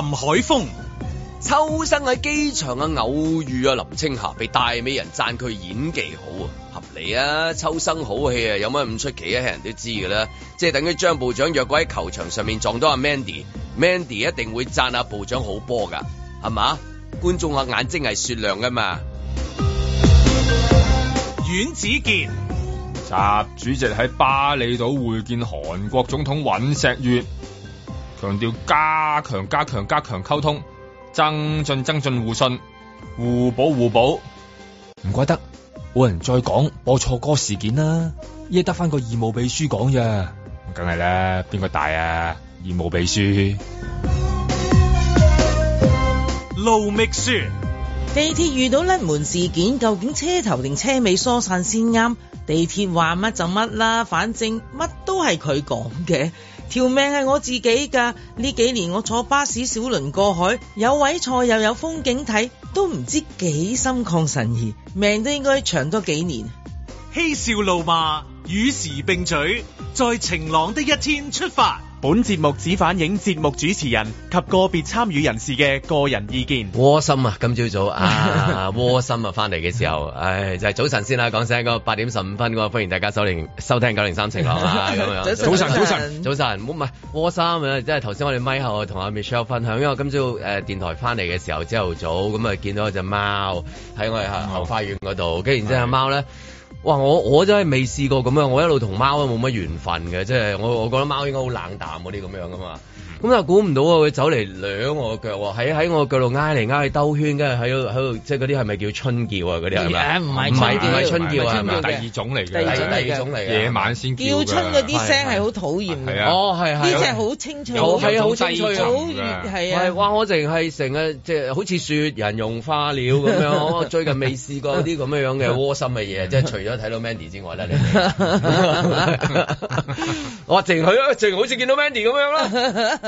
林海峰，秋生喺機場啊偶遇啊林青霞，被大美人讚佢演技好啊，合理啊，秋生好戲啊，有乜咁出奇啊？人都知噶啦，即係等於張部長若果喺球場上面撞到阿 Mandy, Mandy，Mandy 一定會讚阿、啊、部長好波噶，係嘛？觀眾嘅眼睛係雪亮噶嘛。阮子健，習主席喺巴厘島會見韓國總統尹錫悅。強調加強、加強、加強溝通，增進、增進互信，互補、互補。唔怪得冇人再講播錯歌事件啦，依得返個義務秘書講咋，梗係啦，邊個大啊？義務秘書盧秘書，地鐵遇到甩門事件，究竟車頭定車尾疏散先啱？地鐵話乜就乜啦，反正乜都係佢講嘅。條命係我自己噶呢幾年我坐巴士小輪過海，有位坐又有風景睇，都唔知幾心曠神怡，命都應該長多幾年。嬉笑怒罵，與時並舉，在晴朗的一天出發。本節目只反映節目主持人及個別參與人士嘅個人意見。窩、awesome, 心啊！今朝早啊，窩心啊，翻嚟嘅時候，唉、哎，就係、是、早晨先啦，講聲個八點十五分喎，歡迎大家收聽收聽九零三晴朗、啊、 早，早晨，早晨，早晨，唔好唔係窩心啊！即係頭先我哋咪後同阿 Michelle 分享，因為今朝誒、呃、電台翻嚟嘅時候朝頭早咁啊，就見到一隻貓喺我哋後後花園嗰度，跟 住然之後貓咧。 然後 哇！我我真係未試過咁樣，我一路同貓都冇乜緣分嘅，即係我我覺得貓應該好冷淡嗰啲咁樣噶嘛。咁又估唔到啊，佢走嚟攆我個腳喺喺我個腳度挨嚟挨去兜圈，跟住喺度喺度，即係嗰啲係咪叫春叫啊？嗰啲係咪？唔係唔係唔係春叫啊！春叫第二種嚟嘅，第二種嚟嘅，夜晚先叫，叫春嗰啲聲係好討厭。係啊，係係呢隻好清脆，好細好細好細嘅。係啊，哇！我淨係成日，即係好似雪人融化了咁樣。 我最近未試過啲咁嘅樣嘅窩心嘅嘢，即 係除咗睇到 Mandy 之外咧，你我淨係淨係好似見到 Mandy 咁樣啦。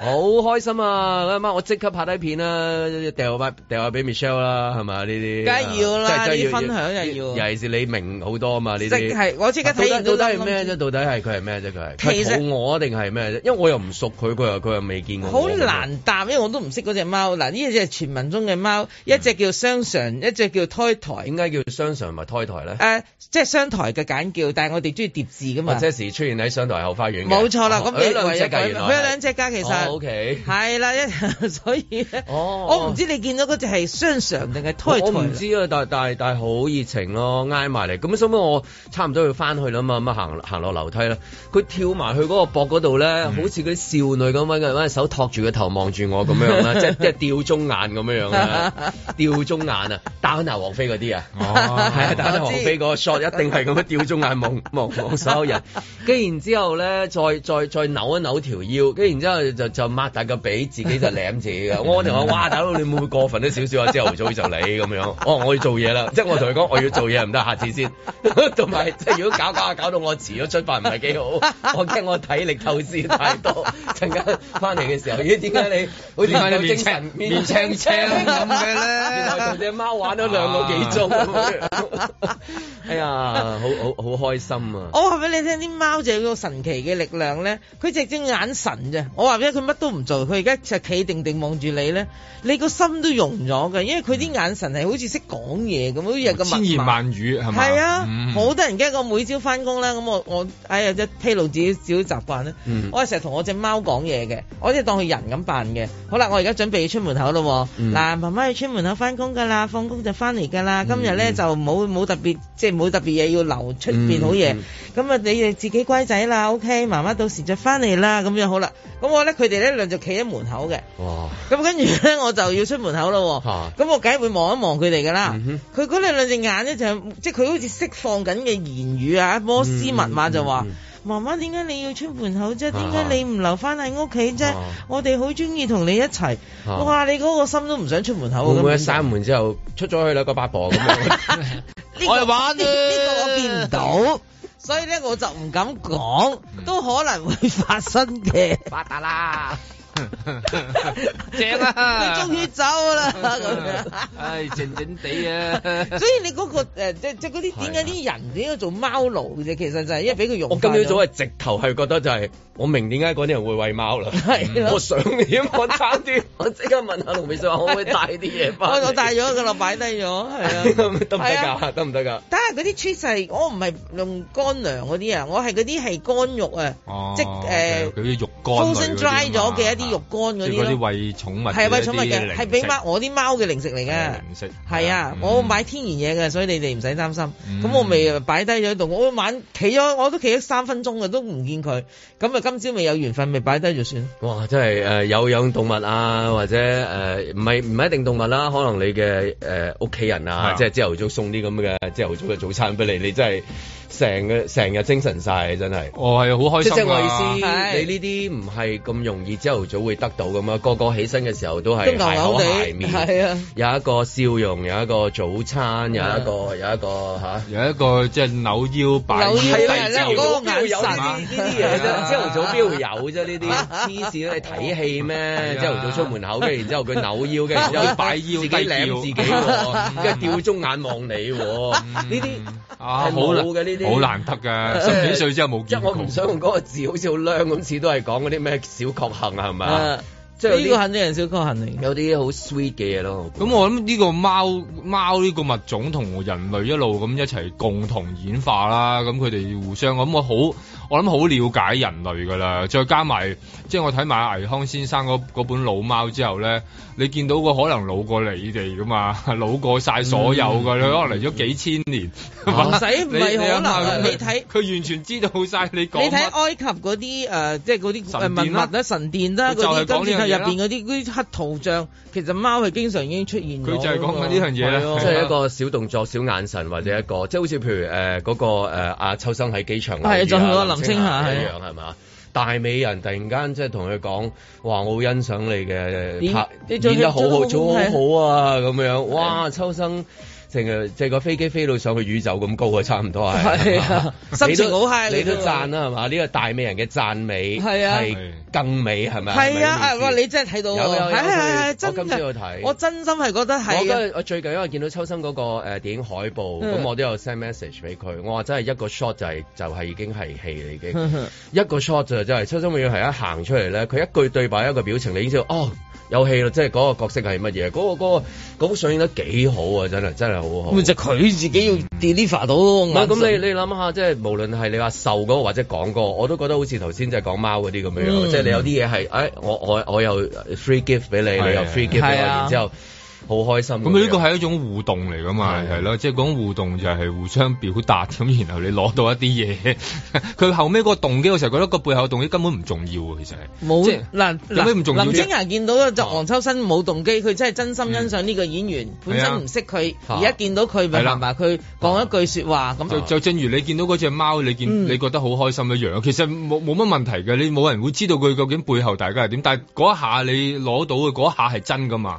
好、哦嗯、開心啊！阿媽，我即刻拍低片啦，掉下翻，掉下俾 Michelle 啦，係咪？呢啲？梗係要啦，啲、嗯、分享又要，要。尤其是你明好多啊嘛，呢啲。即係我即刻睇，到底係咩啫？到底係佢係咩啫？佢係、嗯。其實我定係咩啫？因為我又唔熟佢，佢又佢又未見過。好難答，因為我都唔識嗰隻貓。嗱，呢隻係傳聞中嘅貓，一隻叫商商，一隻叫胎台。點、嗯、解叫商商同埋胎台咧？誒、啊，即係商台嘅簡叫，但係我哋中意疊字噶嘛。即時出現喺商台後花園冇錯啦，咁另外一，佢有兩隻噶，原來是。O K，係啦，所以咧、oh, oh.，我我唔知你見到嗰隻係雙常定係推，我唔知啊，但但但好熱情咯，挨埋嚟。咁啊，收尾我差唔多要翻去啦嘛，咁啊行行落樓梯啦。佢跳埋去嗰個膊嗰度咧，好似嗰啲少女咁樣嘅，手托住個頭望住我咁樣啦，即即係吊中眼咁樣樣啦，吊中眼啊，丹拿王妃嗰啲啊，係啊，丹、oh, 拿王妃嗰個 shot 一定係咁樣吊中眼望望望所有人。跟然之後咧，再再再扭一扭條腰，跟然之後就。就擘大個鼻，自己就舐自己嘅，嗯。我同佢話，哇，大佬，你會唔會過分咗少少啊？朝頭早就你咁樣，我我要做嘢啦，即係我同佢講，我要做嘢唔得，下次先。同 埋即係如果搞搞搞到我遲咗出發唔係幾好， 我驚我體力透支太多，陣間翻嚟嘅時候，咦？點解你好似你面青面青青咁嘅咧？同隻 貓玩咗兩個幾鐘，啊、 哎呀，好好好開心啊！我話俾你聽，啲貓就有個神奇嘅力量咧，佢直接眼神咋？我話俾佢。乜都唔做，佢而家就企定定望住你咧，你個心都融咗嘅，因為佢啲眼神係好似識講嘢咁，好似個千言萬語，係咪？係啊、嗯，好得人驚，我每朝翻工啦，咁我我哎呀，就披露自己少少習慣咧、嗯，我係成日同我隻貓講嘢嘅，我即係當佢人咁扮嘅。好啦，我而家準備出門口咯，嗱、嗯，媽媽要出門口翻工噶啦，放工就翻嚟噶啦。今日咧就冇冇、嗯、特別，即係冇特別嘢要留出邊好嘢。咁、嗯、啊，嗯、你哋自己乖仔啦，OK，媽媽到時就翻嚟啦。咁樣好啦，咁我咧佢哋。咧兩隻企喺門口嘅，哇！咁跟住咧我就要出門口咯。咁、啊、我梗係會望一望佢哋噶啦。佢嗰兩隻眼咧就即係佢好似釋放緊嘅言語啊，摩斯密碼就話：媽媽點解你要出門口啫？點、啊、解你唔留翻喺屋企啫？我哋好中意同你一齊。哇、啊啊！你嗰個心都唔想出門口。會唔會閂門之後出咗去兩個八婆咁 、這個？我又玩呢呢、這個我見唔到。所以咧，我就唔敢講，都可能會發生嘅。 發達啦！ 正啦，啊，你終於走啦咁樣，唉，靜靜地啊。所以你嗰、嗰個誒即即嗰啲點解啲人點解做貓奴啫？其實就係因為俾佢用。我今朝早係直頭係覺得就係、是、我明點解嗰啲人會喂貓啦。係、啊，我想 我差啲， 我即刻問下龍尾叔，可唔可以帶啲嘢翻？我帶咗噶啦，擺低咗，係啊，得唔得噶？得唔得噶？但啊！嗰啲 c h s e 我唔係用乾糧嗰啲啊，我係嗰啲係乾肉啊即，即、呃、誒、嗰、okay, 啲肉乾 dry 咗嘅一啲。肉乾嗰啲，嗰啲餵寵物，係餵寵物嘅，係俾貓我啲貓嘅零食嚟嘅，零食係啊，嗯、我買天然嘢嘅，所以你哋唔使擔心。咁、嗯、我未擺低咗喺度，我晚企咗，我都企咗三分鐘啊，都唔見佢。咁啊，今朝未有緣分，咪擺低咗算。哇！真係誒、呃、有養動物啊，或者誒唔係唔係一定動物啦、啊，可能你嘅誒屋企人啊，啊即係朝頭早送啲咁嘅朝頭早嘅早，早餐俾你，你真係～成嘅成日精神曬，真係我係好開心。即係我意思，你呢啲唔係咁容易朝頭早會得到咁啊。個個起身嘅時候都係都扭扭地，係啊，有一個笑容，有一個早餐，有一個有一個嚇，有一個即係扭腰擺腰低，朝頭早邊會有呢啲嘢啫？朝頭早邊會有啫？呢啲黐線，你睇戲咩？朝頭早出門口嘅，然之後佢扭腰嘅，然之後擺腰嘅，自己舐自己，跟住吊鐘眼望你，呢啲係冇腦嘅呢。好、嗯、難得噶，十幾歲之後冇見過。一、嗯嗯、我唔想用嗰個字好，好似好娘咁，似都係講嗰啲咩小確幸啊，係咪啊？呢、嗯這個肯定係小確幸嚟。有啲好 sweet 嘅嘢咯。咁我諗呢個貓貓呢個物種同人類一路咁一齊共同演化啦。咁佢哋互相咁，我好。我諗好了解人類噶啦，再加埋即係我睇埋倪康先生嗰本《老貓》之後咧，你見到個可能老過你哋噶嘛，老過晒所有噶，你可能嚟咗幾千年。唔使唔係可能，你睇佢完全知道晒你講。你睇埃及嗰啲、呃、即係嗰啲文物啦、神殿啦、嗰啲金字塔入面嗰啲啲黑圖像。其實貓係經常已經出現咗，佢就係講緊呢樣嘢咯，即、那、係、個哦啊就係、一個小動作、小眼神或者一個，嗯、即係好似譬如誒嗰、呃嗰個阿、呃、秋生喺機場，係就係個林青霞一樣係嘛？大美人突然間即係同佢講，哇，我好欣賞你嘅拍、欸你的，演得好好，做好好啊咁樣，哇，秋生。淨係即個個飛機飛到上去宇宙咁高，啊、高啊，差唔多係。係啊，心情好 high 你都讚啦，係嘛？呢個大美人嘅讚美係更美係咪？係啊，哇、啊啊！你真係睇到，係、啊啊啊、我今朝去睇，我真心係覺得係、啊。我覺得我最近因為見到秋生嗰個電影海報，咁、啊、我都有 send message 俾佢，我話真係一個 shot 就係、是、就係、是、已經係戲嚟嘅，一個 shot 就真、是、係、就是啊就是就是、秋生嘅嘢係一行出嚟咧，佢一句對白一個表情，你已經知道哦。有戲咯，即係嗰個角色係乜嘢？嗰、那個嗰、那個嗰部、那個、上映得幾好啊！真係真係好好。咁就佢自己要 deliver 到。唔、嗯、咁你你諗下，即、就、係、是、無論係你話瘦嗰個或者講個，我都覺得好似頭先即係講貓嗰啲咁樣，即、嗯、係、就是、你有啲嘢係，誒、哎、我我我又 free gift 俾你，你又 free gift 俾我，然之後。好開心咁，呢個係一種互動嚟㗎嘛，係咯，即係講互動就係互相表達咁，然後你攞到一啲嘢。佢 後尾嗰個動機，我成日覺得個背後嘅動機根本唔重要，其實冇嗱，有咩唔重要。林青霞見到就黃秋生冇動機，佢真係真心欣賞呢個演員，嗯、本身唔識佢，而家見到佢咪同埋佢講一句說話咁。就就正如你見到嗰隻貓，你見、嗯、你覺得好開心一樣。其實冇冇乜問題嘅，你冇人會知道佢究竟背後大家係點，但係嗰一下你攞到嘅嗰一下係真㗎嘛。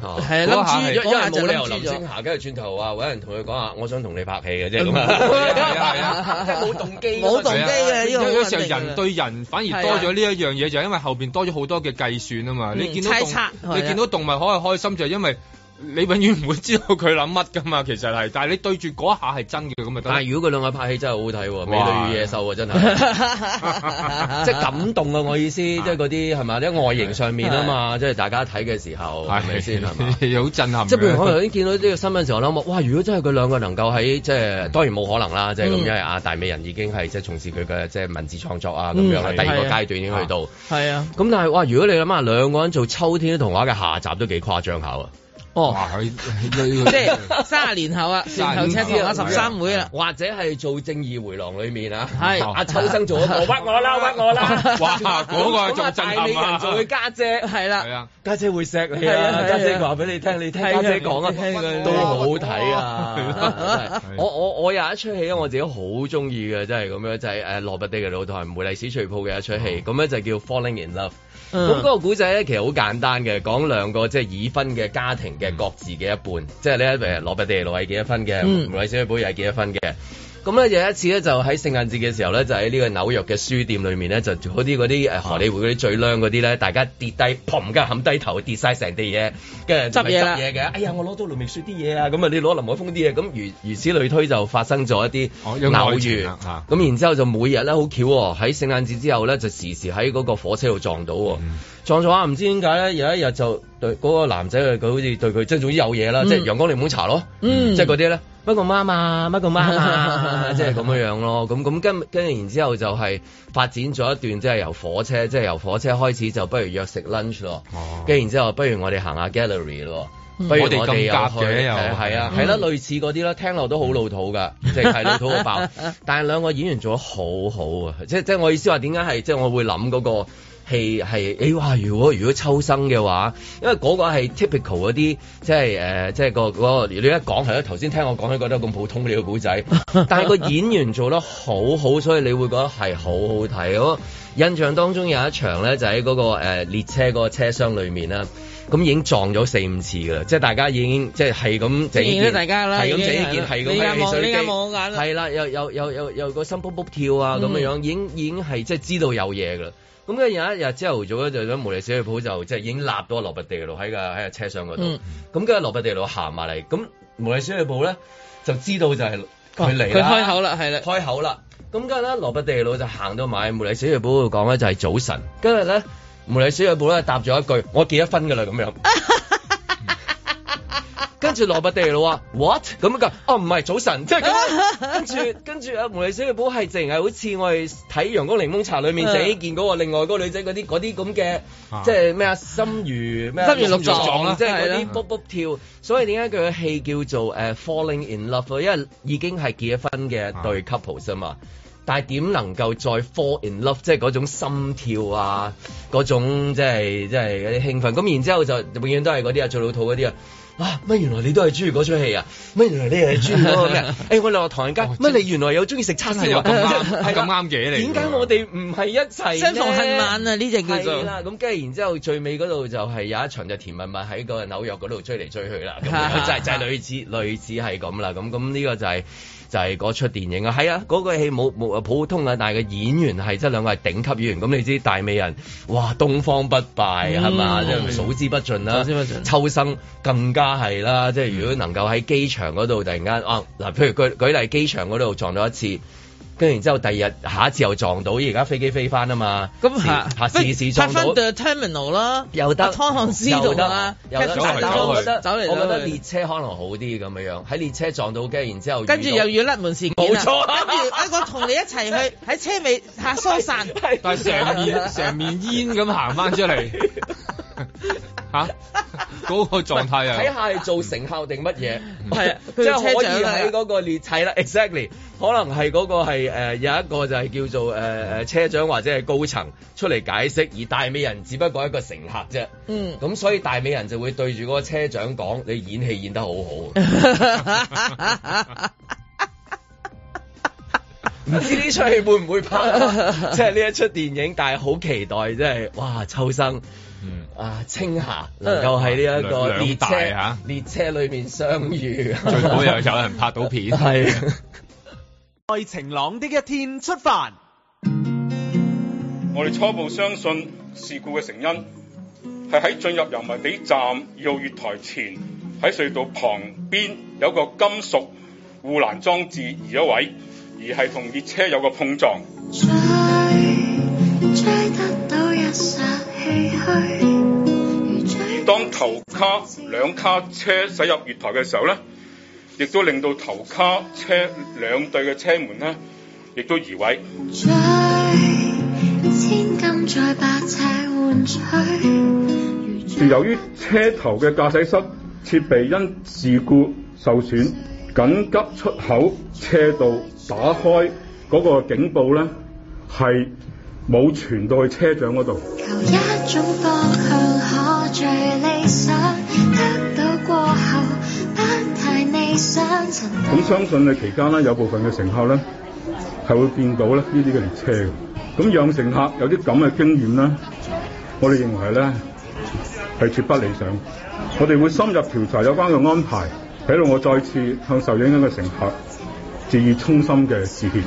因為冇理由林青霞跟住轉頭、 就是、 啊，話揾人同佢講啊，我想同你拍戲嘅啫咁啊，係啊，冇動機，冇動機嘅呢個。因、啊、有時候人對人反而多咗呢一樣嘢，就係、啊、因為後邊多咗好多嘅計算啊嘛、嗯。你見到動、啊、你見到動物可以開心，就係、是、因為。你永遠唔會知道佢諗乜㗎嘛，其實係，但係你對住嗰一下係真嘅咁咪得？但係如果佢兩個拍戲真係好好睇、啊，美女與野獸、啊、真係， 即係感動啊！我意思即係嗰啲係咪？啲 外形上面啊嘛，即 係大家睇嘅時候係咪先係嘛？好 是吧 是吧 震撼。即譬如我頭先見到呢個新聞嘅時候，諗話哇！如果真係佢兩個能夠喺即係當然冇可能啦，即、嗯、咁因為阿大美人已經係即係從事佢嘅即係文字創作啊咁樣、嗯，第二個階段已經去到係啊，係啊。咁但係哇！如果你諗下兩個人做秋天的童話嘅下集都幾誇張下。啊。哦， 即係卅年後啊，電車啊，十三妹啊，或者係做正義回廊裏面是是啊，係阿秋生做咗個屈我啦，屈我啦，哇，嗰、那個仲震撼啊，大美人做佢家姐,姐，係啦，家姐,姐會錫你啊，家姐話俾你,你聽，你聽家姐講啊，都好好睇啊，我我我有一出戲，我自己好中意嘅，真係咁樣，就係誒羅拔迪嘅老台梅麗史翠普嘅一出戲，咁、嗯、咧就叫 Falling in Love。咁、嗯、嗰、那個古仔咧，其實好簡單嘅，講兩個即係、就是、已婚嘅家庭嘅各自嘅一半，嗯、即係呢一誒羅伯特係攞幾多分嘅，嗯，唔係小寶又係幾多分嘅。咁、嗯、咧，有一次咧，就喺聖誕節嘅時候咧，就喺呢個紐約嘅書店裏面咧，就嗰啲嗰啲誒荷里活嗰啲最靚嗰啲咧，大家跌低，砰！而家冚低頭跌晒成地嘢，跟住執嘢啦，執嘢嘅。哎呀，我攞到林明雪啲嘢啊！咁啊，你攞林海峰啲嘢，咁如如此類推就發生咗一啲偶遇咁，然之後就每日咧，好巧喺聖誕節之後咧，就時時喺嗰個火車度撞到。嗯撞咗啊！唔知點解咧，有一日就對嗰個男仔佢，好似對佢即係總之有嘢啦，嗯、即係陽光檸檬茶咯，即係嗰啲咧。乜個媽嘛，乜個媽，即係咁樣樣咯。咁咁跟跟然之後就係發展咗一段，即、就、係、是、由火車，即、就、係、是、由火車開始就不如約食 lunch 咯。跟然之後，不如我哋行下 gallery 咯。不如我哋咁夾嘅又係啊，係、嗯、啦，類似嗰啲啦，聽落都好老土噶，即係係老土到爆。 但係兩個演員做得好好啊！即即係我意思話，點解係即係我會諗嗰、那個。係係，誒、哎、哇！如果如果抽身嘅話，因為嗰個係 typical 嗰啲，即係誒，即、呃、係、即係個個、你一講係咯，頭先聽我講都覺得咁普通嘅呢個古仔， 但係個演員做得好好，所以你會覺得係好好睇。我印象當中有一場呢，就喺、是、嗰、嗰個、呃、列車嗰個車廂裏面啦，咁已經撞咗四五次㗎啦，即係大家已經即係係咁整件，係咁整件，係咁望，係咁望眼啦，係啦，又又又又又個心卜卜跳呀，咁樣樣已經已經係、嗯、即係知道有嘢噶啦。咁咧有一日朝頭早咧就咁無理小月寶就即係已經立到阿蘿拔地路喺個喺個車廂嗰度，咁跟住蘿拔地路行埋嚟，咁無理小月寶咧就知道就係佢嚟，佢、哦、開口啦，係啦，開口啦，咁跟住咧蘿拔地佬就行到埋無理小月寶度講咧就係早晨，跟住咧無理小月寶咧答咗一句我結咗婚㗎喇咁樣。 跟住羅拔地嚟咯，what 咁嘅？哦，唔係早晨，即係咁。 跟住跟住，阿無理小月寶係淨係好似我哋睇《陽光檸檬茶》裏面幾見嗰個另外嗰個女仔嗰啲嗰啲咁嘅，即係咩心如咩心如鹿撞即係嗰啲卜卜跳。所以點解佢嘅戲叫做、uh, falling in love？因為已經係結咗婚嘅對 couple 啊 嘛。但係點能夠再 fall in love？即係嗰種心跳啊，嗰種即係即係嗰啲興奮。咁然之後就永遠都係嗰啲啊最老土嗰啲啊。啊！乜原來你都係中意嗰出戲啊！乜原來你係中意嗰個咩？哎、 欸，我嚟話唐人街。乜你原來有鍾意食叉燒又咁啱，係咁啱嘢嚟。點解我哋唔係一齊咧？相逢恨晚啊！啊呢啊隻叫係咁跟住，啊、然之後，最尾嗰度就係有一場就甜蜜蜜喺個紐約嗰度追嚟追去啦。嚇、就係！就係就係類似類似係咁啦。咁咁呢個就係、是。就係嗰出電影係啊，係啊，嗰個戲冇冇普通啊，但係個演員係即係兩個係頂級演員，咁你知大美人，哇，東方不敗係嘛？即、嗯、係、就係、數之不盡啦，先、嗯、話秋生更加係啦，即、就、係、係、如果能夠喺機場嗰度突然間啊，嗱，譬如舉舉例機場嗰度撞到一次。跟然之後，第二日下一次又撞到，而家飛機飛翻啊嘛，咁下試試撞到到 the，拍翻 terminal 啦，又得，又得，又走嚟，又得，走嚟，走我，覺走我覺得列車可能好啲咁嘅樣，喺列車撞到嘅，然之後，跟住又要甩門事件冇錯，錯跟住我同你一齊去喺 車尾下疏散， 但係成上面成 面煙咁行翻出嚟。 吓，嗰個狀態啊！睇下係做成效定乜嘢？係、嗯嗯嗯嗯、啊，即係可以喺嗰個列砌啦、啊啊。Exactly，可能係嗰個係誒、呃、有一個就係叫做誒誒、呃、車長或者係高層出嚟解釋，而大美人只不過係一個乘客啫。嗯，咁所以大美人就會對住嗰個車長講：你演戲演得好好。唔 知呢出戲會唔會拍？ 即係呢一出電影，但係好期待，即係哇！秋生。啊！青霞又喺呢一個列車、啊、列車裏面相遇，最好又有人拍到片。係在晴朗的一天出發。 我哋初步相信事故嘅成因係喺進入油麻地站要月台前，喺隧道旁邊有個金屬護欄裝置移咗位，而係同列車有一個碰撞。追追得到一當頭卡兩卡車駛入月台嘅時候咧，亦都令到頭卡車兩對嘅車門咧，亦都移位。而由於車頭嘅駕駛室設備因事故受損，緊急出口車道打開嗰個警報咧，係冇傳到去車長嗰度。求一種咁相信咧，期間咧有部分嘅乘客咧，係會見到咧呢啲嘅列車嘅，咁讓乘客有啲咁嘅經驗咧，我哋認為咧係絕不理想。我哋會深入調查有關嘅安排，喺度我再次向受影響嘅乘客致以衷心嘅致歉。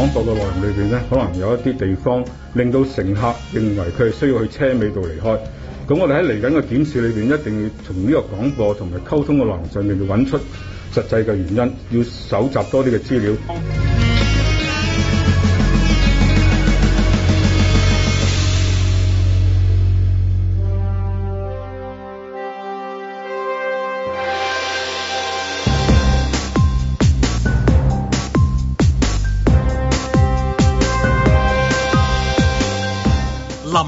廣播嘅內容裏邊咧，可能有一啲地方令到乘客認為佢係需要去車尾度離開。咁我哋喺嚟緊嘅檢視裏邊，一定要從呢個廣播同埋溝通嘅內容上面，要揾出實際嘅原因，要搜集多啲嘅資料。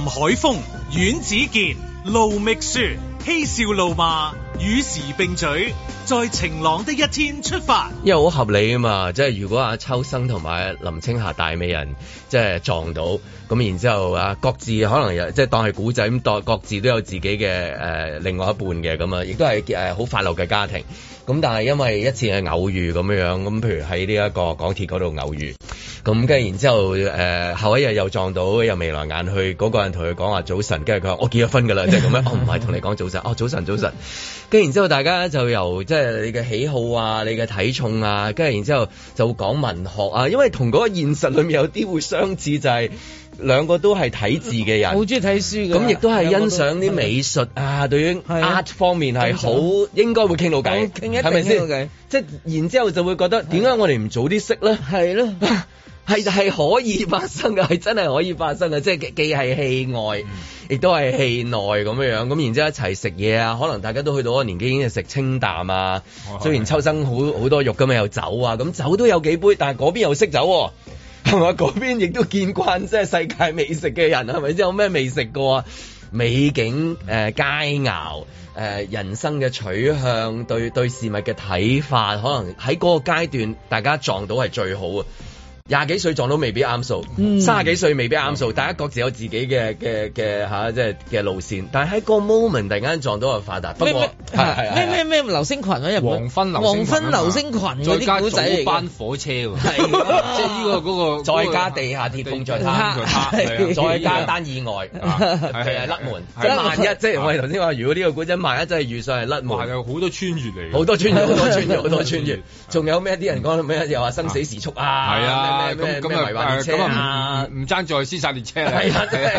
林海峰、阮子健、盧覓雪、嬉笑怒罵，與時並舉，在晴朗的一天出發。因為好合理啊嘛，即係如果阿秋生同埋林青霞大美人，即係撞到咁，然之後啊各自可能又即係當係古仔咁，當各自都有自己嘅誒、呃、另外一半嘅咁啊，亦都係誒好快樂嘅家庭。咁但係因為一次係偶遇咁樣，咁譬如喺呢一個港鐵嗰度偶遇，咁跟住然之後誒後一日又撞到，又眉來眼去嗰個人同佢講話早晨，跟住佢話我結咗婚㗎啦，即係咁樣，我唔係同你講早晨，哦，早晨早晨，跟住然之後大家就由即係你嘅喜好啊，你嘅體重啊，跟住然之後就會講文學啊，因為同嗰個現實裏面有啲會相似就係。兩個都係睇字嘅人，好中意睇書，咁亦都係欣賞啲美術啊。對於 art 方面係好，應該會傾到偈，係咪先？即係然之後就會覺得，點解我哋唔早啲識咧？係咯，係 係可以發生嘅，係真係可以發生嘅。即係既係戲外，亦、嗯、都係戲內咁樣樣。咁然之後一齊食嘢啊，可能大家都去到個年紀已經係食清淡啊。哦、雖然秋生好好多肉噶嘛，有酒啊，咁酒都有幾杯，但係嗰邊又識酒，啊。我 嗰邊亦都見慣，即係世界美食嘅人，係咪先有咩未食過？美景誒，佳餚誒，人生嘅取向，對對事物嘅睇法，可能喺嗰個階段大家撞到係最好啊！廿幾歲撞到未必啱數，卅幾歲未必啱數，大、嗯、家各自有自己嘅嘅嘅吓，即係嘅路線。但係喺個 moment 突然間撞到啊，發達不過咩咩咩流星群啊，黃昏流星黃昏流星群嗰啲古仔班火車喎，是啊、 即係呢、這個嗰、那個、那個、再加地下鐵凍著再加單意外，係係甩門，即係萬一，即係我哋頭先話，如果呢個古仔萬一真係遇上係甩門，好多穿越嚟，好多穿越，好多穿越，好多穿越，仲有咩啲人講咩又話生死時速啊，係啊。咁咁啊咁啊唔唔爭在屍殺列車嚟，係啦，即係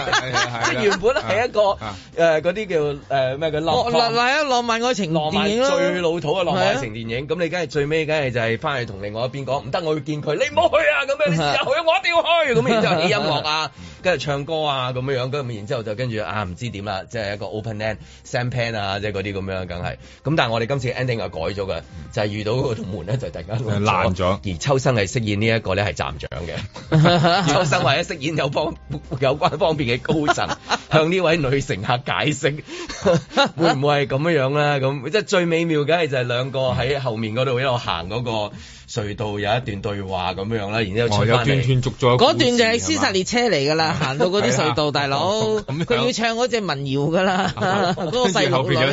即係原本係一個誒嗰啲叫誒咩嘅浪漫，係啊浪漫愛情電影啦，浪漫最老土嘅浪漫愛情電影，咁你梗係最尾梗係就係翻去同另外一邊講，唔得，我要見佢，你唔好去啊，咁樣你時候去，我一定要去，咁然之後啲音樂啊。跟住唱歌啊咁樣樣，跟住然之後就跟住啊唔知點啦，即係一個 open end sampan 啊，即係嗰啲咁樣，梗係。咁但係我哋今次 ending 又改咗嘅，就係、是、遇到嗰種門咧，就突然間爛咗。而秋生係飾演呢一個咧係站長嘅， 秋生或者飾演有方有關方面嘅高層，向呢位女乘客解釋 會唔會係咁樣樣咧？咁即係最美妙嘅係就係兩個喺後面嗰度一路行嗰、那個。隧道有一段對話咁樣啦，然之後唱翻嚟。嗰、哦、段就係屍殺列車嚟㗎啦，行 到嗰啲隧道，大佬佢、 哦、要唱嗰隻民謠㗎啦。嗰個細路有有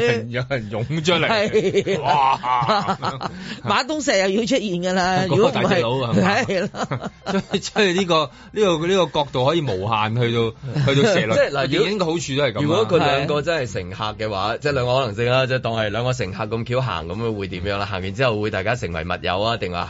人湧 出嚟， 哇！ 馬東石又要出現㗎啦， 如果唔不係， 所以呢、這個呢、這個呢、這個角度可以無限去到 去到蛇類。即係嗱，影嘅好處都係咁。如果佢兩個真係乘客嘅話，即係、就是、兩個可能性啦，就當係兩個乘客咁巧行咁會點樣啦？行完之後會大家成為密友啊，定話？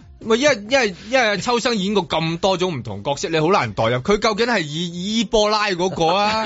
因為因為因為秋生演過咁多種唔同角色，你好難代入。佢究竟係以伊波拉嗰個啊，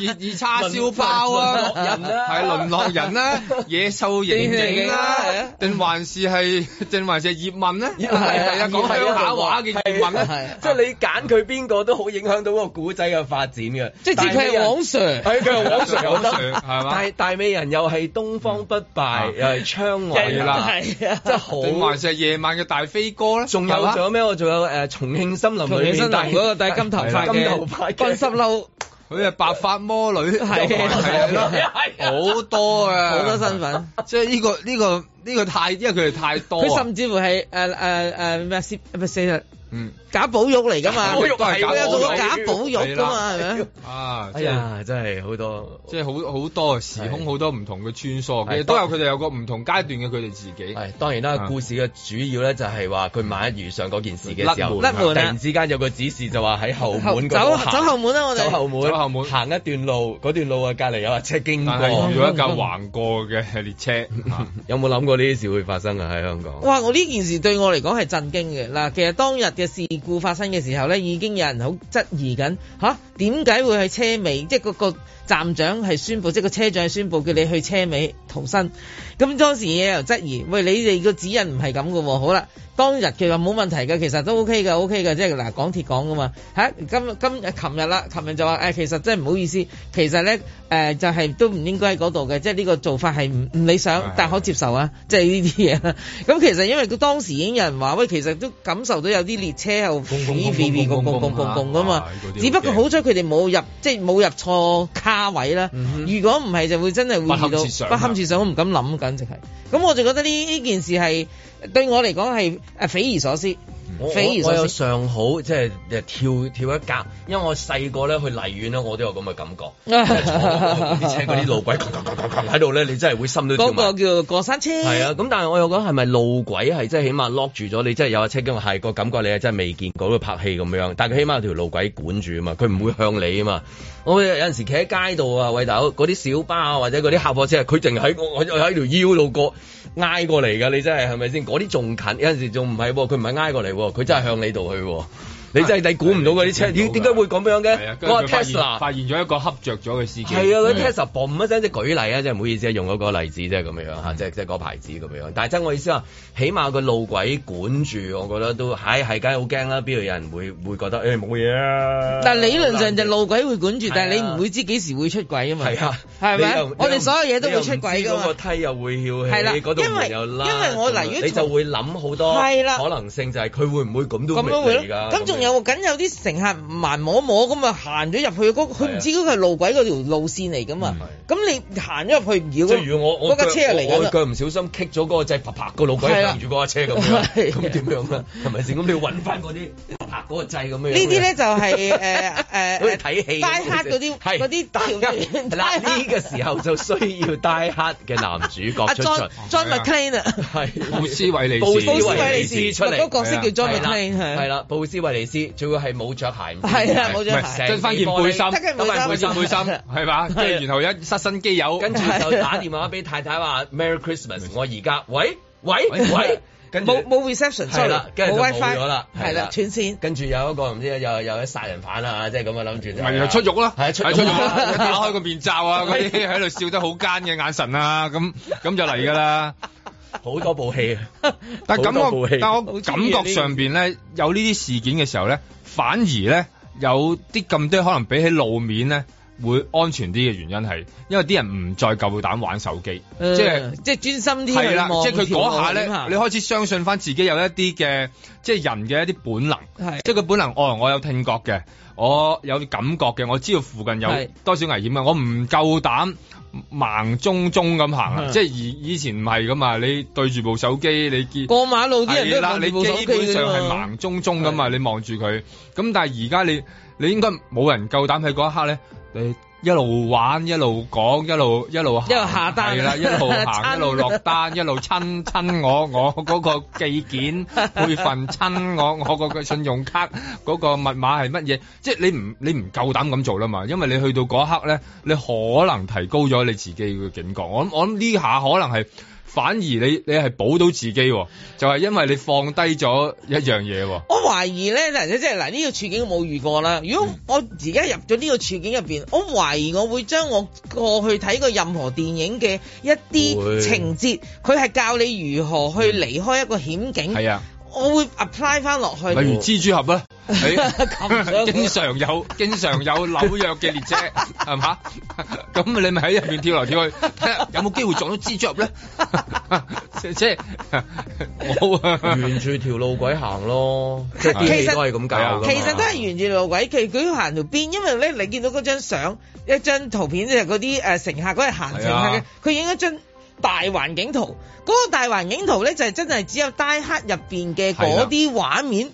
以，以叉燒包啊，落 人啊係淪落人啊，野獸刑警啦、啊，定、啊嗯、還是係定還是葉問咧？係啊，啊，講鄉下話嘅葉問啊，啊啊啊嗯、即係你揀佢邊個都好影響到個古仔嘅發展嘅。即係佢係王 Sir，佢係 王 Sir， 王 Sir 係嘛？係大，大美人又係東方不敗， 又係窗外啦、啊，即係好還是夜晚嘅大啲歌咧，仲有仲、啊、有咩？我仲有誒、呃，重慶森林》裏面嗰個戴金頭髮，金頭髮乾濕褸，佢係白髮魔女，係係 好多啊，好多身份，即係呢個呢個。這個呢、這個太，因為佢哋太多了。佢甚至乎係誒誒誒咩？四、uh, 唔、uh, uh, 嗯、賈寶玉嚟㗎嘛？寶玉做咗賈寶玉㗎嘛？係咪？啊！哎呀，真係好多，即係好好多時空好多唔同嘅穿梭，其實都有佢哋有個唔同階段嘅佢哋自己。係當然啦，故事嘅主要咧就係話佢萬一遇上嗰件事嘅時候，突然之間有個指示就話喺後門走走後門啦，我哋走後門，走後門行一段路，嗰段路啊隔離有架車經過，但係遇到一架橫過嘅列車， 有冇諗過？呢啲事會發生啊！喺香港，哇！我呢件事對我嚟講係震驚嘅。嗱，其實當日嘅事故發生嘅時候咧，已經有人好質疑緊吓，點解會係車尾，即係嗰個。個站長係宣布，即係個車長係宣布叫你去車尾逃生。咁當時也有質疑，喂，你哋個指引唔係咁喎。」好啦，當日佢話冇問題㗎，其實都 OK 㗎。OK 㗎，即係嗱，港鐵講噶嘛吓、啊，今今琴日啦，琴日就話誒、哎，其實真係唔好意思，其實咧誒、呃，就係、是、都唔應該喺嗰度嘅，即係呢個做法係唔唔理想，但可接受啊。是是是即係呢啲嘢。咁 其實因為佢當時已經有人話，喂，其實都感受到有啲列車共嗶嗶嗶個共嗶共咁啊。啊只不過好彩佢哋冇入，即係冇入錯卡。價位啦，如果唔係就會真係會遇到不堪設想，我唔敢諗，簡直係。咁我就覺得呢呢件事係對我嚟講係誒匪夷所思。我，我，我有上好，即係誒跳跳一格，因為我細個咧去荔園咧，我都有咁嘅感覺。啲 車嗰啲路軌喺度咧，你真係會心都嗰個，個叫過山車。係啊，咁但係我又覺得係咪路軌係即係起碼 lock 住咗？你真係有架車叫係、嗰個感覺，你係真係未見過佢拍戲咁樣。但係佢起碼有條路軌管住啊嘛，佢唔會向你啊嘛。我有陣時企喺街度啊，喂，大佬，嗰啲小巴啊，或者嗰啲客貨車佢淨喺我喺喺條腰度過。挨過嚟㗎，你真係係咪先？嗰啲仲近，有陣時仲唔係喎，佢唔係挨過嚟喎，佢真係向你度去喎。你真係估唔到嗰啲車點解會咁樣嘅？我話 Tesla 發現咗一個恰着咗嘅事件。係啊，佢 Tesla 嘣一聲即舉例啊，即唔好意思啊，用嗰個例子即咁樣嚇，即即嗰牌子咁樣。但係真,真我意思話，起碼個路軌管住，我覺得都係係梗係好驚啦。邊、哎、度有人會會覺得誒冇嘢啊？但係理論上就路軌會管住，啊、但係你唔會知幾時會出軌啊嘛。係啊，係咪？我哋所有嘢都會出軌㗎。你個梯又會翹起，你嗰度又拉。你就會諗好多可能性就會會，就係佢會唔會咁都有緊有啲乘客盲摸摸咁啊，行咗入去佢唔知嗰個係路軌嗰條路線嚟噶嘛？咁、啊、你行咗入去唔要、那個，即如果我我、那個、車我腳唔小心棘咗嗰個掣，啪啪個路軌住嗰架車咁、啊、樣，咁點、啊、樣咧？係咪先？咁你要搵翻嗰啲拍嗰個掣咁樣？呢啲咧就係誒誒，佢係睇戲，Die Hard 嗰啲嗰啲條件。嗱 呢 個時候就需要 Die Hard 嘅男主角出 John McClane 啊，係布斯維尼斯，布斯維尼斯出嚟嗰角色叫 John McClane 係。啦，布斯維尼最要係冇着鞋，係啊冇着鞋，著翻件背心，得件背心，背心係嘛？跟住、啊、然後一失身機友，跟住就打電話俾太太話、啊、：Merry Christmas！、啊、我而家喂喂喂，跟住冇冇 reception，係啦，跟住、啊、就冇 wifi 咗啦，係啦斷線。跟住有一個唔知又又啲殺人犯啦，即係咁樣諗住，咪又出獄咯，係、啊、出，、啊、出 打開個面罩啊，嗰啲喺度笑得好奸嘅眼神啊，咁 咁就嚟㗎啦。 好 多部戲啊， 但係感覺， 但係我感覺上邊咧 有呢啲事件嘅時候咧，反而咧有啲咁多可能比起路面咧。會安全啲嘅原因係，因為啲人唔再夠膽玩手機，嗯、即係即係專心啲。係啦，即係佢嗰下咧，你開始相信返自己有一啲嘅，即係人嘅一啲本能。即係佢本能，哦，我有聽覺嘅，我有感覺嘅，我知道附近有多少危險啊！我唔夠膽盲中中咁行啊！即係以前唔係㗎嘛，你對住部手機，你見過馬路啲人啦，會你基本上係盲中中咁嘛，你望住佢，咁但係而家你你應該冇人夠膽喺嗰一刻咧。你一路玩一路講，一路一路，一路下單啦，一路行一路落單， 一路親親我我嗰個寄件 配份親我我個信用卡嗰 個密碼係乜嘢？即係你唔你唔夠膽咁做啦嘛，因為你去到嗰刻咧，你可能提高咗你自己嘅警覺。我我諗呢下可能係。反而你你係保到自己、哦，就係、是、因為你放低咗一樣嘢、哦。我懷疑咧，嗱你即係嗱呢個處境我冇遇過啦。如果我而家入咗呢個處境入邊，我懷疑我會將我過去睇過任何電影嘅一啲情節，佢係教你如何去離開一個險境。係啊。我會 apply 翻落去，例如蜘蛛俠咁！哎、 經常有， 經常有紐約嘅列車，係 嘛？咁你咪喺入面跳嚟跳去，睇下有冇機會撞到蜘蛛俠咧？即係我沿住條路軌行咯 即是 其其，其實都係咁搞！其實都係沿住路軌，佢佢行條邊？因為咧，你見到嗰張相，一張圖片就嗰啲誒乘客嗰啲行程，客佢影一張。大環境圖嗰、那個大環境圖咧，就係、是、真係只有 d 黑入面嘅嗰啲畫面，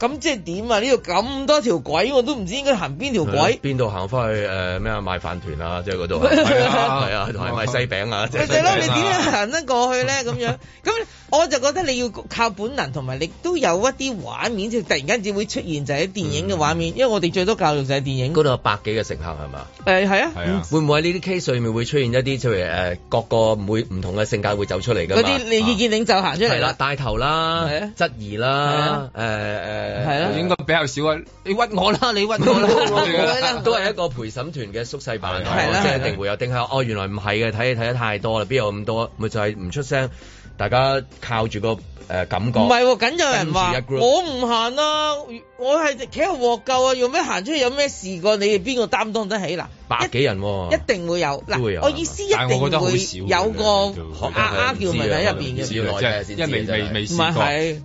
咁即係點啊？呢度咁多條軌，我都唔知應該行邊條軌，邊度行翻去誒咩、呃、啊？賣飯團啊，即係嗰度係啊，同埋賣西餅啊，即就係、是、咯、啊！你點樣行得過去咧？咁 樣咁。我就覺得你要靠本能，同埋你都有一啲畫面，即突然間至會出現，就喺電影嘅畫面。嗯、因為我哋最多教育就係電影。嗰度有百幾個乘客係嘛？誒係、欸啊，嗯、啊。會唔會喺呢啲 case 裏面會出現一啲，即係誒各個唔會唔同嘅性格會走出嚟㗎嗰啲你意見領袖行出嚟係啦，帶頭啦，啊、質疑啦，誒誒、啊，應該比較少啊。你屈我啦，你屈我啦， 我啦 都係一個陪審團嘅縮細版，即係一定會有定。定係哦，原來唔係嘅，睇睇得太多啦，邊有咁多？咪就係、是、唔出聲。大家靠住、那個誒、呃、感覺，唔係喎。就有人話我唔行啦，我係企喺度獲救啊，用咩行出去？有咩事㗎？你哋邊個擔當得起嗱、啊？百幾人、哦、一定會有嗱、啊，我意思一定會有個，有個啊啊叫問喺入邊嘅。意思即係未未未試，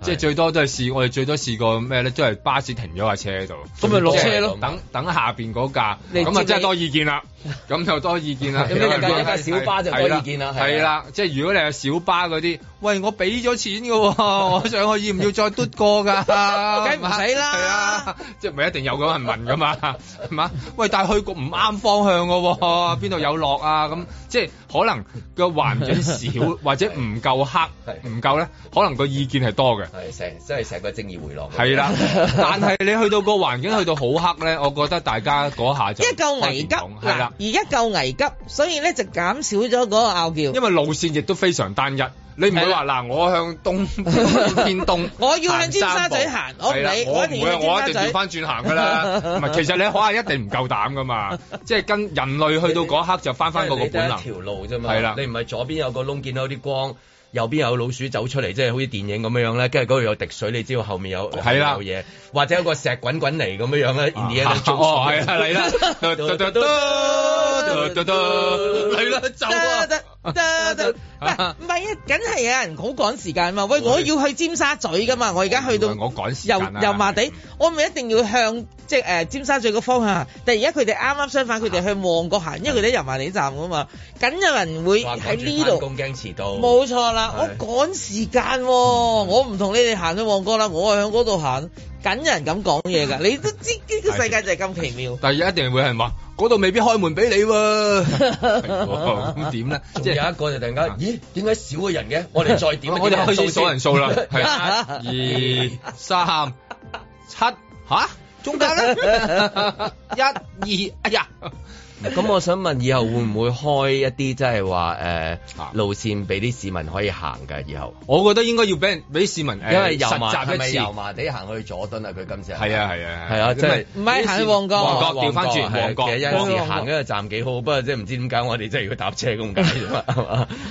即係、就是、最多都係試。我哋最多試過咩咧？都係巴士停咗架車喺度，咁咪落車咯。等等下邊嗰架，咁啊真係多意見啦。咁就多意見啦。咁你計一架小巴就多意見啦。係 啦,即係如果你係小巴嗰啲， 喂，我俾咗錢嘅， 我想去要唔要再嘟過㗎？梗唔使啦。係 啊，即係咪一定有咁人問㗎嘛？係嘛？喂，但係去個唔啱方。方向個邊度有落啊？咁即係可能個環境少或者唔夠黑，唔夠咧，可能個意見係多嘅。係成，真係成個正義回落。係啦，但係你去到個環境去到好黑咧，我覺得大家嗰下就一嚿危急啦，而一嚿危急，所以咧就減少咗嗰個拗撬。因為路線亦都非常單一。你唔會話嗱，我向東邊動，我要向尖沙咀行。我你我唔會，我一定要翻轉行噶啦。唔係，其實你可能一定唔夠膽噶嘛。 即係跟人類去到嗰刻就翻翻嗰個本能。得一條路啫嘛。係啦，你唔係左邊有個窿見到啲光，右邊有老鼠走出嚟，即係好似電影咁樣樣咧。跟住嗰度有滴水，你知道後面有後面有嘢，或者有個石滾滾嚟咁樣樣咧。哦 In the end ， 係 對啦，嚟 對啦， 走、啊 得唔係啊，梗係有人好趕時間嘛喂。喂，我要去尖沙咀噶嘛，我而家去到，我趕時間油油麻地，我咪一定要向即係、呃、尖沙咀個方向行。但係而家佢哋啱啱相反，佢哋去旺角行，因為佢哋喺油麻地站噶嘛，梗有人會喺呢度驚遲到。冇錯啦，我趕時間，啊，我唔同你哋行去旺角啦，我係向嗰度行。緊有人咁講嘢噶，你都知呢個世界就係咁奇妙。但係一定會有人話：嗰度未必開門俾你喎、啊。咁點咧？即係有一個就突然間， 咦？點解少個人嘅？我哋再點？ 我哋開始數人數啦。係 是 啊，二三七吓，中間咧？一二，哎呀！咁、 嗯、我想問，以後會唔會開一啲即係話誒路線俾啲市民可以行嘅？以後我覺得應該要俾俾市民、呃，因為油麻係咪油麻地行去佐敦啊？佢今次係啊係啊係啊！真係唔係行去旺角？旺角調翻轉嘅，啊啊啊、有時行嗰個站幾好，不過即係唔知點解我哋真係要搭車咁解，係嘛？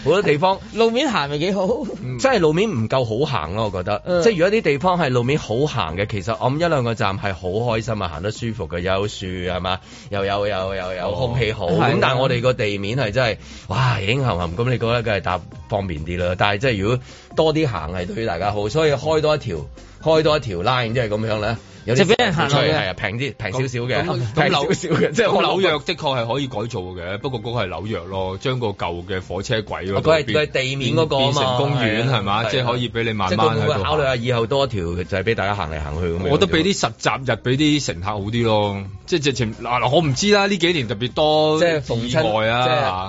好多地方 路面行咪幾好？嗯、真係路面唔夠好行咯，我覺得。嗯、即係如果啲地方係路面好行嘅，其實我諗一兩個站係好開心啊，行得舒服嘅，又有樹係嘛，又有有又有。有有有有空氣好，嗯、是但我哋個地面係真係，哇已經冚冚，咁你覺得梗係搭方便啲啦。但係即係如果多啲行係對大家好，所以多開多一條、嗯，開多一條 line，i 即係咁樣咧。即係俾人行落去係啊，平啲平少少嘅，平少少嘅。即係紐約的確係可以改造嘅，不過嗰個係紐約咯，將個舊嘅火車軌，佢係佢係地面嗰個嘛，變成公園係嘛？即係可以俾你慢慢考慮下以後多一條就係俾大家行嚟行去咁。我覺得俾啲實習日俾啲乘客好啲咯，即係直情嗱我唔知啦，呢幾年特別多意外啊，即係逢親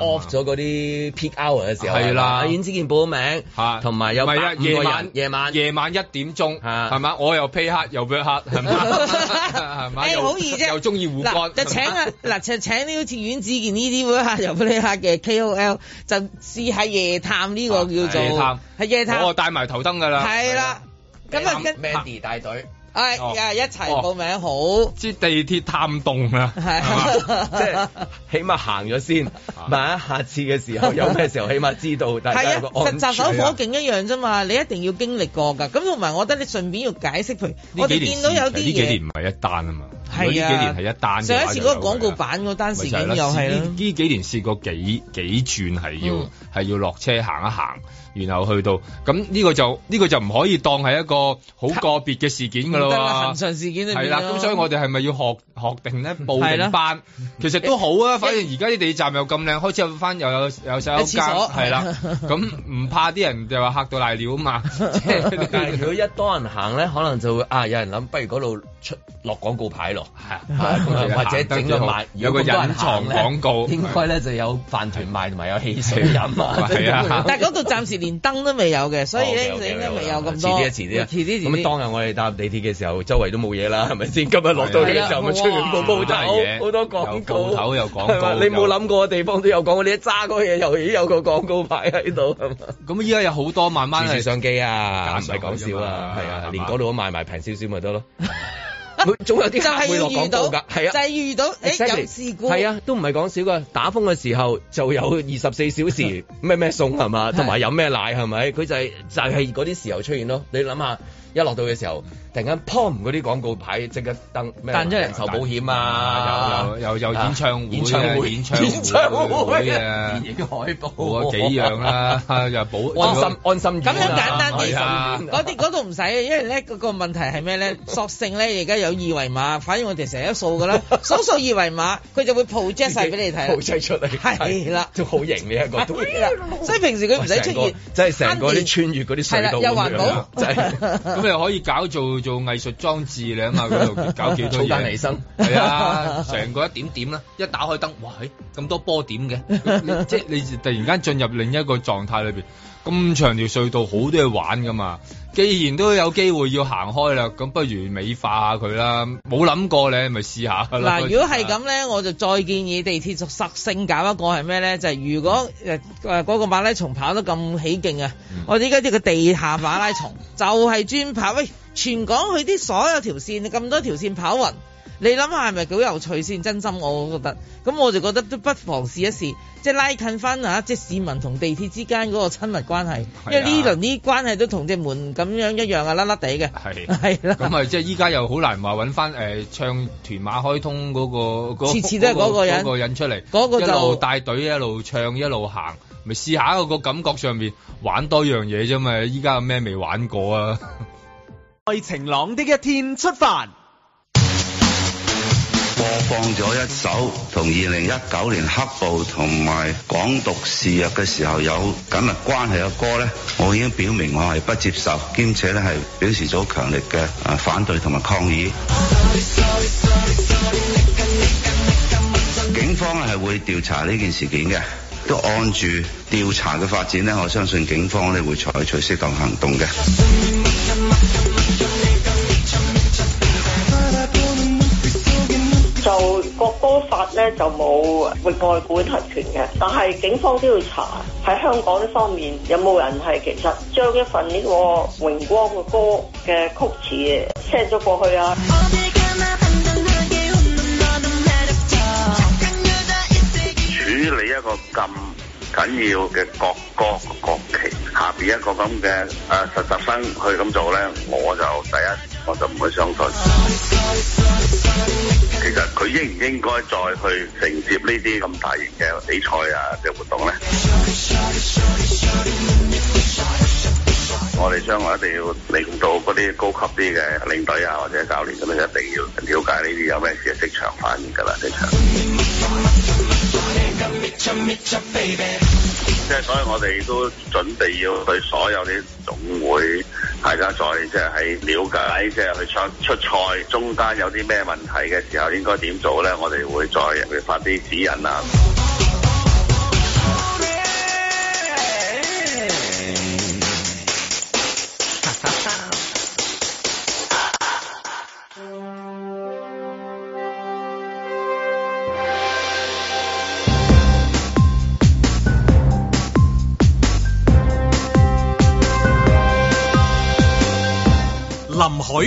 ，off 咗嗰啲 peak hour 嘅時候。係啦，已經先報名同埋又唔啊？夜晚夜晚夜晚一點鐘係嘛？我又批客又 book 客。係 哎， 好、欸、易啫！又中意胡歌，就請 啊，嗱，就請呢好似阮子健呢啲會客，又佢哋客嘅 K O L，就試喺夜探呢、這個、啊、叫做，係夜探，夜探我帶埋頭燈噶啦，係啦，咁啊跟 Mandy 帶隊。啊哎呀、哦！一齊報名、哦、好，即係地鐵探洞啊！係， 即係起碼行咗先，咪一下，下次嘅時候 有咩時候起碼知道大家有個安全。係啊、實習手火勁一樣啫嘛，你一定要經歷過噶。咁同埋我覺得你順便要解釋，譬如我哋見到有啲呢幾年唔係一單啊嘛，呢、啊、幾年係一單。上一次嗰個廣告版嗰單事件又係呢幾年試過幾幾轉係要係、嗯、要落車行一行。然後去到咁呢個就呢、這個就唔可以當係一個好個別嘅事件㗎啦，行善事件係啦，咁所以我哋係咪要學學定咧報定班？其實都好啊，反正而家啲地鐵站又咁靚，開始有翻又有又有洗手間係啦，咁唔 怕啲人就話嚇到瀨尿啊嘛。但 係 如果一多人行咧，可能就會啊有人諗，不如嗰度。」出落廣告牌咯， 或者整咗埋，有個隱藏廣告， 應該咧就有飯團賣同埋有汽水飲 啊，啊。但係嗰度暫時連燈都未有嘅， 所以咧就、okay, okay, 應該未有咁多。遲啲啊，遲啲啊，咁當日我哋搭地鐵嘅時候，周圍都冇嘢啦，係咪先？今、啊、日落到呢個時候，咪全部鋪頭嘢，好、啊啊、多廣告頭有廣告。廣告你冇諗過嘅地方都有廣告有，你一揸嗰嘢又已經有個廣告牌喺度，咁依家有好多，慢慢相機啊，唔係講笑啊，係啊，連嗰度都賣埋平少少咪得咯。佢總有啲客會落、就是、廣告㗎，係啊，就係、是、遇到誒有、exactly，事故，係啊，都唔係講少㗎。打風嘅時候就有二十四小時，咩咩送，係 咪？嘛，同埋飲咩奶係咪？佢就係、是、就係嗰啲時候出現咯。你諗下，一落到嘅時候，突然間砰嗰啲廣告牌即刻登咩？登咗人壽保險啊，又又演、啊啊、演唱會、演唱會、演唱會唱電影海報、啊、幾樣啦、啊， 又保安心安心咁、啊、樣簡單啲，嗰啲嗰度唔使。因為咧嗰、嗰個問題係咩咧？ 索性咧而家有。二維碼，反而我哋成日都掃噶啦，掃掃二維碼，佢就會 project 晒俾你睇 project 出嚟，係啦，都好型嘅一個，所以平時佢唔使出現，即係成個啲、就是、穿越嗰啲隧道咁樣，咁又、就是、 咁你可以搞做做藝術裝置啦嘛，嗰度搞幾多嘢，湊得起身，係啊，成 個一點點啦，一打開燈，哇，咁多波點嘅，即 係你，、就是、你突然間進入另一個狀態裏邊。咁長條隧道好多嘢玩噶嘛，既然都有機會要行開啦，咁不如美化下佢啦。冇諗過咧，咪試下。嗱，如果係咁咧，我就再建議地鐵就索性，搞一個係咩咧？就係、是、如果誒誒嗰個馬拉松跑得咁起勁啊、嗯，我哋而家啲個個地下馬拉松，就係專跑喂 全港佢啲所有條線，咁多條線跑匀。你諗下係咪好有趣先？真心我覺得，咁我就覺得都不妨試一試，即係拉近翻吓，即係市民同地鐵之間嗰個親密關係、啊。因為呢輪啲關係都同隻門咁樣一樣啊，甩甩地嘅。係係啦。咁啊，即係依家又好難話搵翻誒唱團馬開通嗰個，次次都係嗰個人嗰個人出嚟，嗰個就帶隊一路唱一路行，咪試下個感覺上面玩多樣嘢啫嘛！依家有咩未玩過啊？在 晴朗的一天出發。播放咗一首同二零一九年黑暴同埋港獨肆虐嘅時候有緊密關係嘅歌咧，我已經表明我係不接受，兼且咧係表示咗強烈嘅啊反對同埋抗議。警方係係會調查呢件事件嘅，都按住調查嘅發展咧，我相信警方咧會採取適當行動嘅。 國歌法咧就冇域外管轄權嘅，但係警方都要查喺香港呢方面有冇人係其實將一份呢個榮光嘅歌嘅曲詞 send 咗過去啊！處理一個咁緊要嘅國歌國，國旗下邊一個咁嘅誒實習生去咁做咧，我就第一。我就唔會相信。其實佢應唔應該再去承接呢啲咁大型嘅比賽啊嘅活動咧 我哋將來一定要令到嗰啲高級啲嘅領隊啊或者教練咁樣，一定要了解呢啲有咩事，即場反應㗎啦，即場。 即係，所以我哋都準備要去所有啲總會，大家再即係喺瞭解，即係去出出賽中間有啲咩問題嘅時候，應該點做咧？我哋會再去發啲指引啊！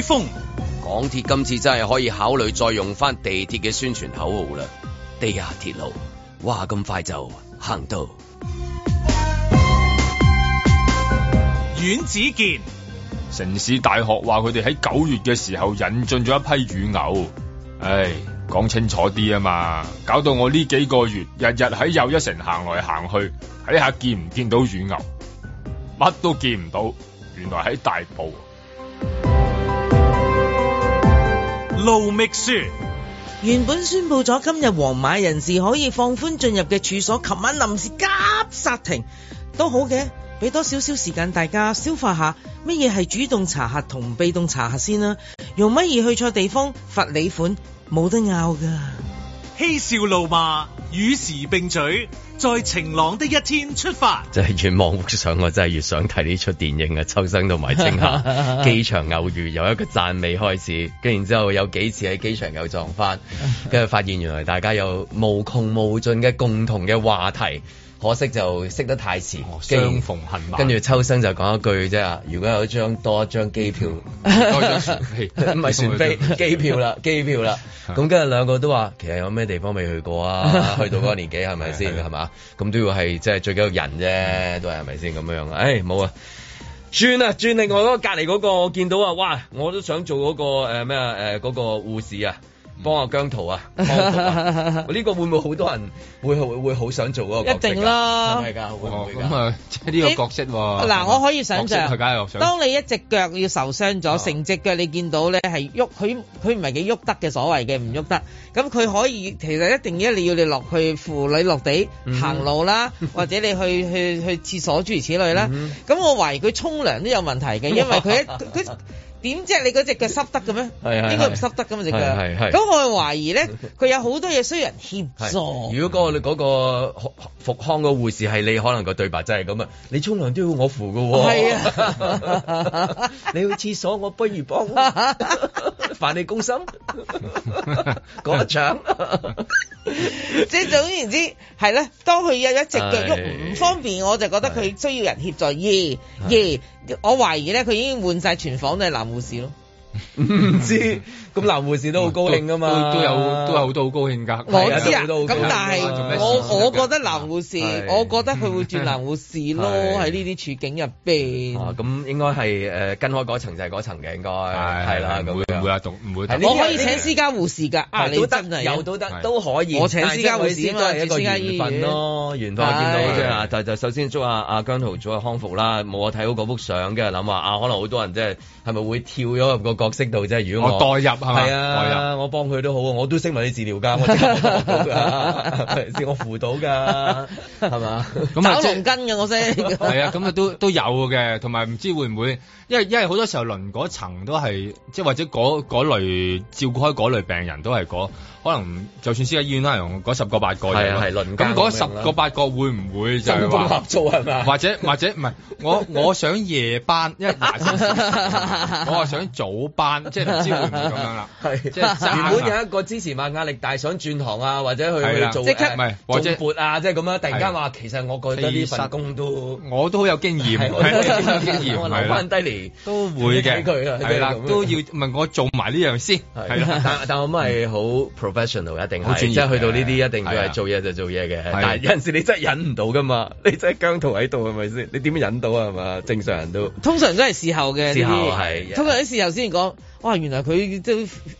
風，港鐵今次真係可以考慮再用翻地鐵嘅宣傳口號啦。地下鐵路，哇咁快就行到。阮子健，城市大學話佢哋喺九月嘅時候引進咗一批乳牛。唉，講清楚啲啊嘛，搞到我呢幾個月日日喺又一城行來行去，睇下見唔見到乳牛，乜都見唔到，原來喺大埔。盧覓雪原本宣布咗今日皇馬人士可以放寬進入嘅處所，琴晚臨時急煞停，都好嘅，俾多少少時間大家消化一下，乜嘢係主動查核同被動查核先啦，啊，用乜嘢去錯地方罰你款，冇得拗㗎，嬉笑怒罵。與時並舉，在晴朗的一天出發。真係越望想我真係越想睇呢出電影啊！秋生同埋青霞，機 場偶遇由一個讚美開始，跟然之後有幾次喺機場又撞翻，跟住發現原來大家有無窮無盡嘅共同嘅話題。可惜就識得太遲，哦，相逢恨晚。跟住秋生就講一句即係，如果有一張多一張機票，多一張船飛，唔 係船票， 機票啦了，機票啦。咁跟住兩個都話，其實有咩地方未去過啊？去到嗰個年紀係咪先係嘛？咁 都要係即係最緊要人啫， 都係係咪先咁樣啊？誒，哎，冇啊，轉啊轉，另外嗰個隔籬嗰個，我見到啊，哇，我都想做嗰，那個誒咩啊？誒，呃，嗰，呃呃那個護士啊！幫阿姜濤啊！呢、啊、 個會唔會好多人會會好想做嗰個角色、啊？一定啦，真係㗎，咁啊，即係呢個角色嗱、啊，我可以想像，當你一隻腳要受傷咗，成、啊、隻腳你見到咧係喐，佢佢唔係幾喐得嘅所謂嘅唔喐得。咁佢可以其實一定要你要你落去扶女落地、嗯、行路啦，或者你去 去去廁所諸如此類啦。咁、嗯、我懷疑佢沖涼都有問題嘅，因為佢佢。點知係你嗰隻腳濕得嘅咩？是是是，應該唔濕得㗎嘛隻腳。咁我係懷疑咧，佢有好多嘢需要人協助是是。如果嗰、嗰個、嗰、嗰個復康個護士係你，可能個對白真係咁啊！你沖涼都要我扶嘅。係啊 你去廁所我不如幫，反你公心，講得長。 即係總言之，係咧，當佢有一隻腳喐唔方便，我就覺得佢需要人協助。二二。我懷疑咧，佢已經換曬全房都係男護士咯。唔知。咁男護士都好高興噶嘛都都，都有都有都好高興噶。我知啊，咁但係我我覺得男護士，我覺得佢會轉男護士咯，喺呢啲處境入邊。咁、啊、應該係誒、呃、跟開嗰層就係嗰層嘅應該，係啦，唔會唔會啊唔會，會讀。我可以請私家護士㗎、啊，都得有都得都可以。我請私家護士啊嘛，我一個緣分咯，緣分見到啫。就就首先祝阿、啊、阿姜濤早日康復啦。冇我睇到嗰幅相嘅諗話啊，可能好多人即係係咪會跳咗入個角色度即啫？如果我，我代入。係啊，啊，我幫佢都好啊，我都識埋啲治療㗎，我知，係 我扶到㗎，係 嘛？咁 啊，長根我先。係啊，咁啊都都有嘅，同埋唔知道會唔會，因為因為好多時候輪嗰層都係，即係或者嗰嗰類照顧開嗰類病人都係嗰、那個。可能就算私家醫院都係用嗰十個八個係啊，咁嗰十個八個,個,八個會唔會就合作係嘛？或者或者唔係我 我想夜班，因為 我係想早班，即係唔知會唔會咁樣啦。係即係原本有一個之前話壓力大，想轉行啊，或者去做、啊、即刻、呃啊、或者撥啊，即係咁樣。突然間話、啊、其實我覺得呢份工都我都好有經驗，有、啊、 經驗，我留翻低嚟都會嘅。係啦、啊，都要問 我做埋呢樣先係但 但係我咪好。 一定即係去到呢啲一定係做嘢就做嘢嘅，但係有陣時你真係忍唔到噶嘛？你真係姜濤喺度係咪先？你點樣忍到啊？係嘛？正常人都通常都係事後嘅，事後係通常喺事後先講。哇！原來佢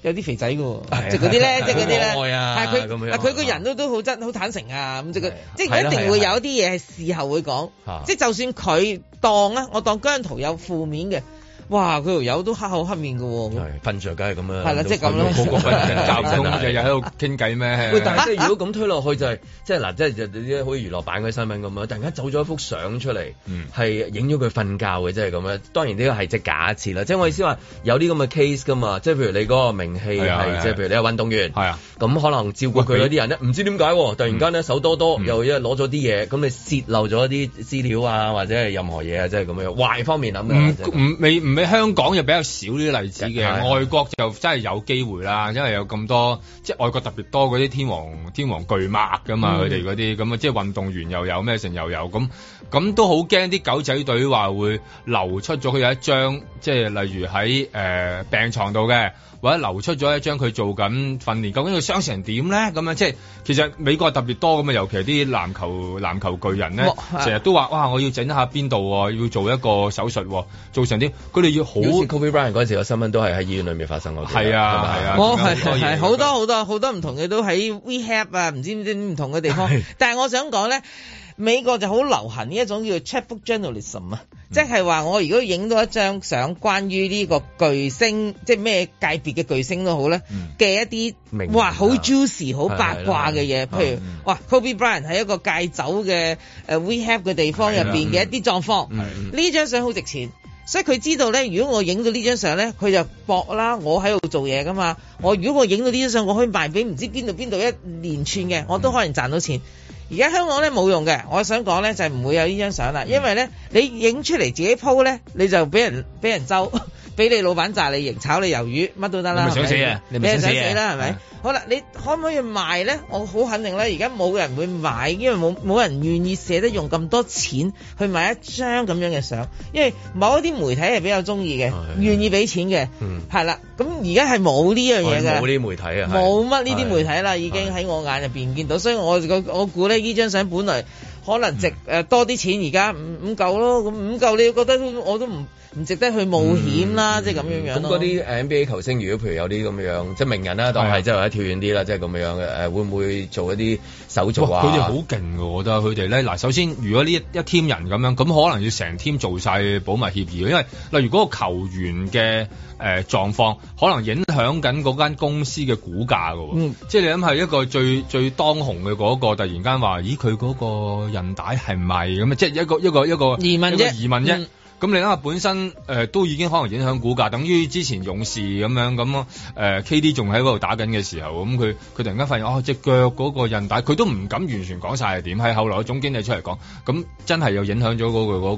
有啲肥仔㗎喎，就嗰啲咧，即係嗰啲咧。啊，佢佢個人都都好真，好坦誠啊。咁即係，即係、就是、一定會有一啲嘢係事後會講。即係、就是、就算佢當啦，我當姜濤有負面嘅。哇！佢條友都黑口黑面㗎、哦，瞓着梗係咁啦，係啦，即係咁啦，個個瞓覺，日日喺度傾偈咩？喂，但係即係如果咁推落去就係、係，即係嗱，即、就、係、係就係就係、好似娛樂版嗰新聞咁樣，突然間走咗一幅相出嚟，係影咗佢瞓覺嘅，即係咁啦。當然呢個係即係假設啦，即係我意思話有啲咁嘅 case 㗎嘛。即係譬如你嗰個名氣即係、啊啊、譬如你係運動員，係啊，咁可能照顧佢嗰啲人咧，唔知點解突然間咧、嗯、手多多、嗯、又一攞咗啲嘢，咁你洩漏咗一啲資料啊，或者係任何嘢啊，即係咁樣。壞方面諗嘅，嗯喺香港又比較少呢啲例子嘅，外國就真係有機會啦，因為有咁多即係外國特別多嗰啲天王天王巨擘㗎嘛，佢哋嗰啲咁啊，即係運動員又有，咩成又有咁，咁都好驚啲狗仔隊話會流出咗佢有一張，即係例如喺、呃、病床度嘅。或者流出咗一張佢做緊訓練，究竟佢傷成點咧？咁樣即係其實美國特別多咁啊，尤其係啲籃球籃球巨人咧，成日都話：哇！我要整下邊度，要做一個手術，做成啲佢哋要好。好似 Kobe Bryant 嗰時個新聞都係喺醫院裏面發生嗰啲。係啊係啊，係好多好多好多唔同嘅都喺 rehab 啊，唔、啊啊啊啊啊啊啊啊、知唔唔同嘅地方。啊、但係我想講咧。美國就好流行呢一種叫做 chequebook journalism 啊、嗯，即係話我如果影到一張相，關於呢個巨星，即係咩界別嘅巨星都好咧嘅、嗯、一啲，哇，好 juicy，好八卦嘅嘢，譬如、嗯、哇，Kobe Bryant 喺一個戒酒嘅誒 rehab 嘅地方入邊嘅一啲狀況，呢張相好值錢，嗯、所以佢知道咧，如果我影到呢張相咧，佢就搏啦，我喺度做嘢噶嘛、嗯，我如果我影到呢張相，我可以賣俾唔知邊度邊度一連串嘅，我都可能賺到錢。嗯。而家香港咧冇用嘅，我想講咧就唔會有呢張相啦，因為咧你影出嚟自己鋪 o 咧，你就俾人俾人周。俾你老闆炸你型，炒你魷魚，乜都得啦。你咪想死，啊、你咪想死啊！你咪想死啦，啊，係咪？好啦，你可唔可以賣咧？我好肯定咧，而家冇人會買，因為冇冇人願意捨得用咁多錢去買一張咁樣嘅相，因為某一啲媒體係比較中意嘅，願意俾錢嘅，係啦。咁而家係冇呢樣嘢㗎，冇呢啲媒體啊，冇乜呢啲媒體啦，已經喺我眼入面見到，所以我我估咧呢張相本來。可能值誒、嗯呃、多啲錢而家五五嚿咯，咁五嚿你覺得我都唔唔值得去冒險啦，即係咁樣樣咁嗰啲 NBA 球星，如果譬如有啲咁樣，即係名人啦、啊，都係即係或者跳遠啲啦，即係咁樣樣嘅誒會唔會做一啲手續啊？佢哋好勁㗎，我覺得佢哋咧，嗱首先如果呢一 team 人咁樣，咁可能要成 team 做晒保密協議，因為例如嗰個球員嘅。誒、呃，狀況可能影響緊嗰間公司嘅股價噶、嗯，即係你諗係一個最最當紅嘅，嗰、嗰個，突然間話，咦，佢嗰個人帶係唔係咁啊？即係一個一個一個，一個疑問啫，疑問啫。咁你諗下本身誒、呃、都已經可能影響股價，等於之前勇士咁樣咁誒 K D 仲喺嗰度打緊嘅時候，咁佢佢突然間發現哦隻腳嗰個韌帶，佢都唔敢完全講晒係點。喺後來總經理出嚟講，咁真係又影響咗嗰個嗰